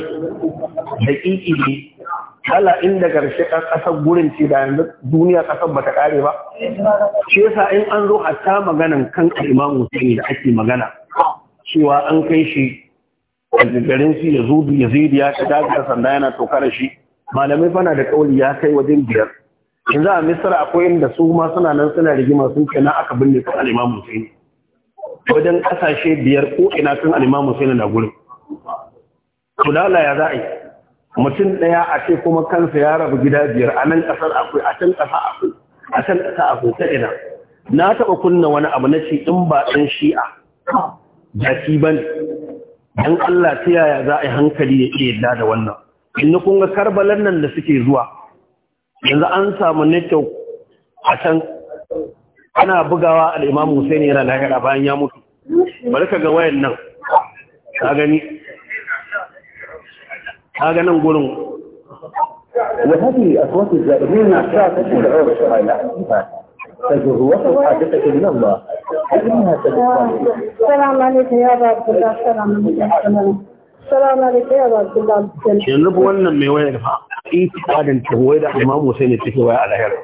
Speaker 2: da ƙiƙi ne Allah inda ƙarshe ƙasar gurin ce da yanzu duniya ƙasar ba ta ƙare ba. Shi yasa in an zo a ta maganan kan imamu sani da ake magana cewa an kai shi daga garin su ya zubi ya zidi ya ta daga sanda yana tokar shi malamai fana da kauli ya kai wajen biyar yanzu a misra akwai inda su ma suna nan suna rigima sun ce na aka binne su al'imamu sai wajen kasashe biyar ko ina sun al'imamu sai na gurin to ya za a yi mutum ɗaya a ce kuma kansa ya rabu gida biyar a nan ƙasar akwai a can ƙasa akwai a can kasa akwai ta ina na taba kunna wani abu na ce in ba ɗan shi'a jaki ba dan Allah ta yaya za a yi hankali ya iya yadda da wannan inda kun ga karbalan nan da suke zuwa yanzu an samu network a can ana bugawa al'imam Hussein yana lahira bayan ya mutu bari ka ga wayan nan ka gani ka ga nan gurin
Speaker 1: وهذه أصوات الزائرين الساعة تشهد أول شهر تزهوه حاجتك من الله فإنها السلام
Speaker 3: يا رب السلام يا رب الله wannan
Speaker 2: mai wayar fa itikadin tawai da Imam Hussein take waya a lahira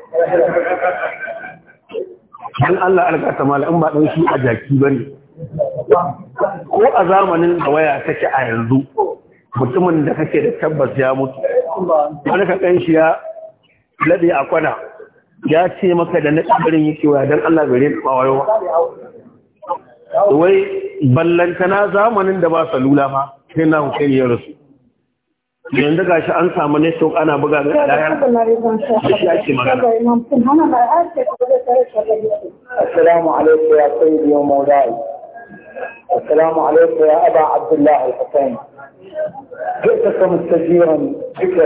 Speaker 2: dan Allah alƙata بعد in ba dan shi a jaki bane ko a zamanin da waya take a yanzu mutumin da kake da tabbas ya mutu wani ka ya lade a kwana ya ce maka da na kabarin yake waya don Allah bai rinka ba. wai ballantana zamanin da ba salula ma sai na hussein ya rasu yanzu ga shi an samu network ana buga ga ɗaya
Speaker 3: da shi ake magana
Speaker 1: assalamu alaikum ya sayyidi wa mawda'i السلام عليك يا أبا عبد الله الحسين جئتك مستجيرا بك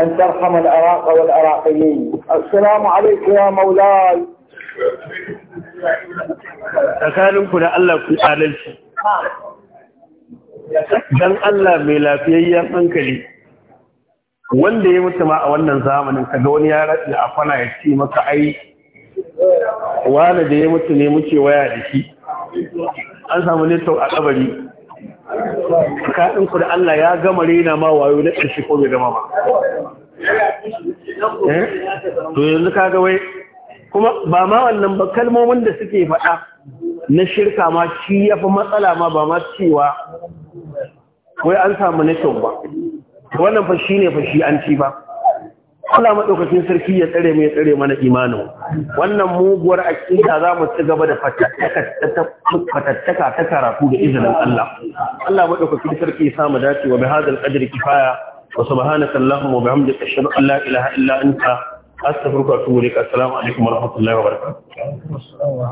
Speaker 1: أن ترحم الأراق والأراقيين السلام عليك يا مولاي
Speaker 2: tsakaninku da Allah ku adalci dan Allah mai lafiyayyen hankali wanda ya mutu ma a wannan zamanin kaga wani ya raɗi a kwana ya ce maka ai wani da ya mutu ne muke waya da shi an samu ne a kabari kaɗinku da Allah ya gama rina ma wayo na ƙarshe ko bai gama ba
Speaker 3: eh? to yanzu
Speaker 2: ka ga wai kuma ba ma wannan ba kalmomin da suke faɗa na shirka ma shi ya fi matsala ma ba ma cewa wai an samu na ba wannan fa shi ne fa shi an ci ba Allah madaukakin sarki ya tsare mu ya tsare mana imanin wannan muguwar aqida za mu ci gaba da fatattaka ta karatu da izinin Allah Allah madaukakin sarki ya samu dace wa bihadal qadri kifaya wa subhanaka allahumma wa bihamdika ashhadu an la ilaha illa anta astaghfiruka wa atubu ilaik assalamu alaikum wa rahmatullahi wa
Speaker 3: barakatuh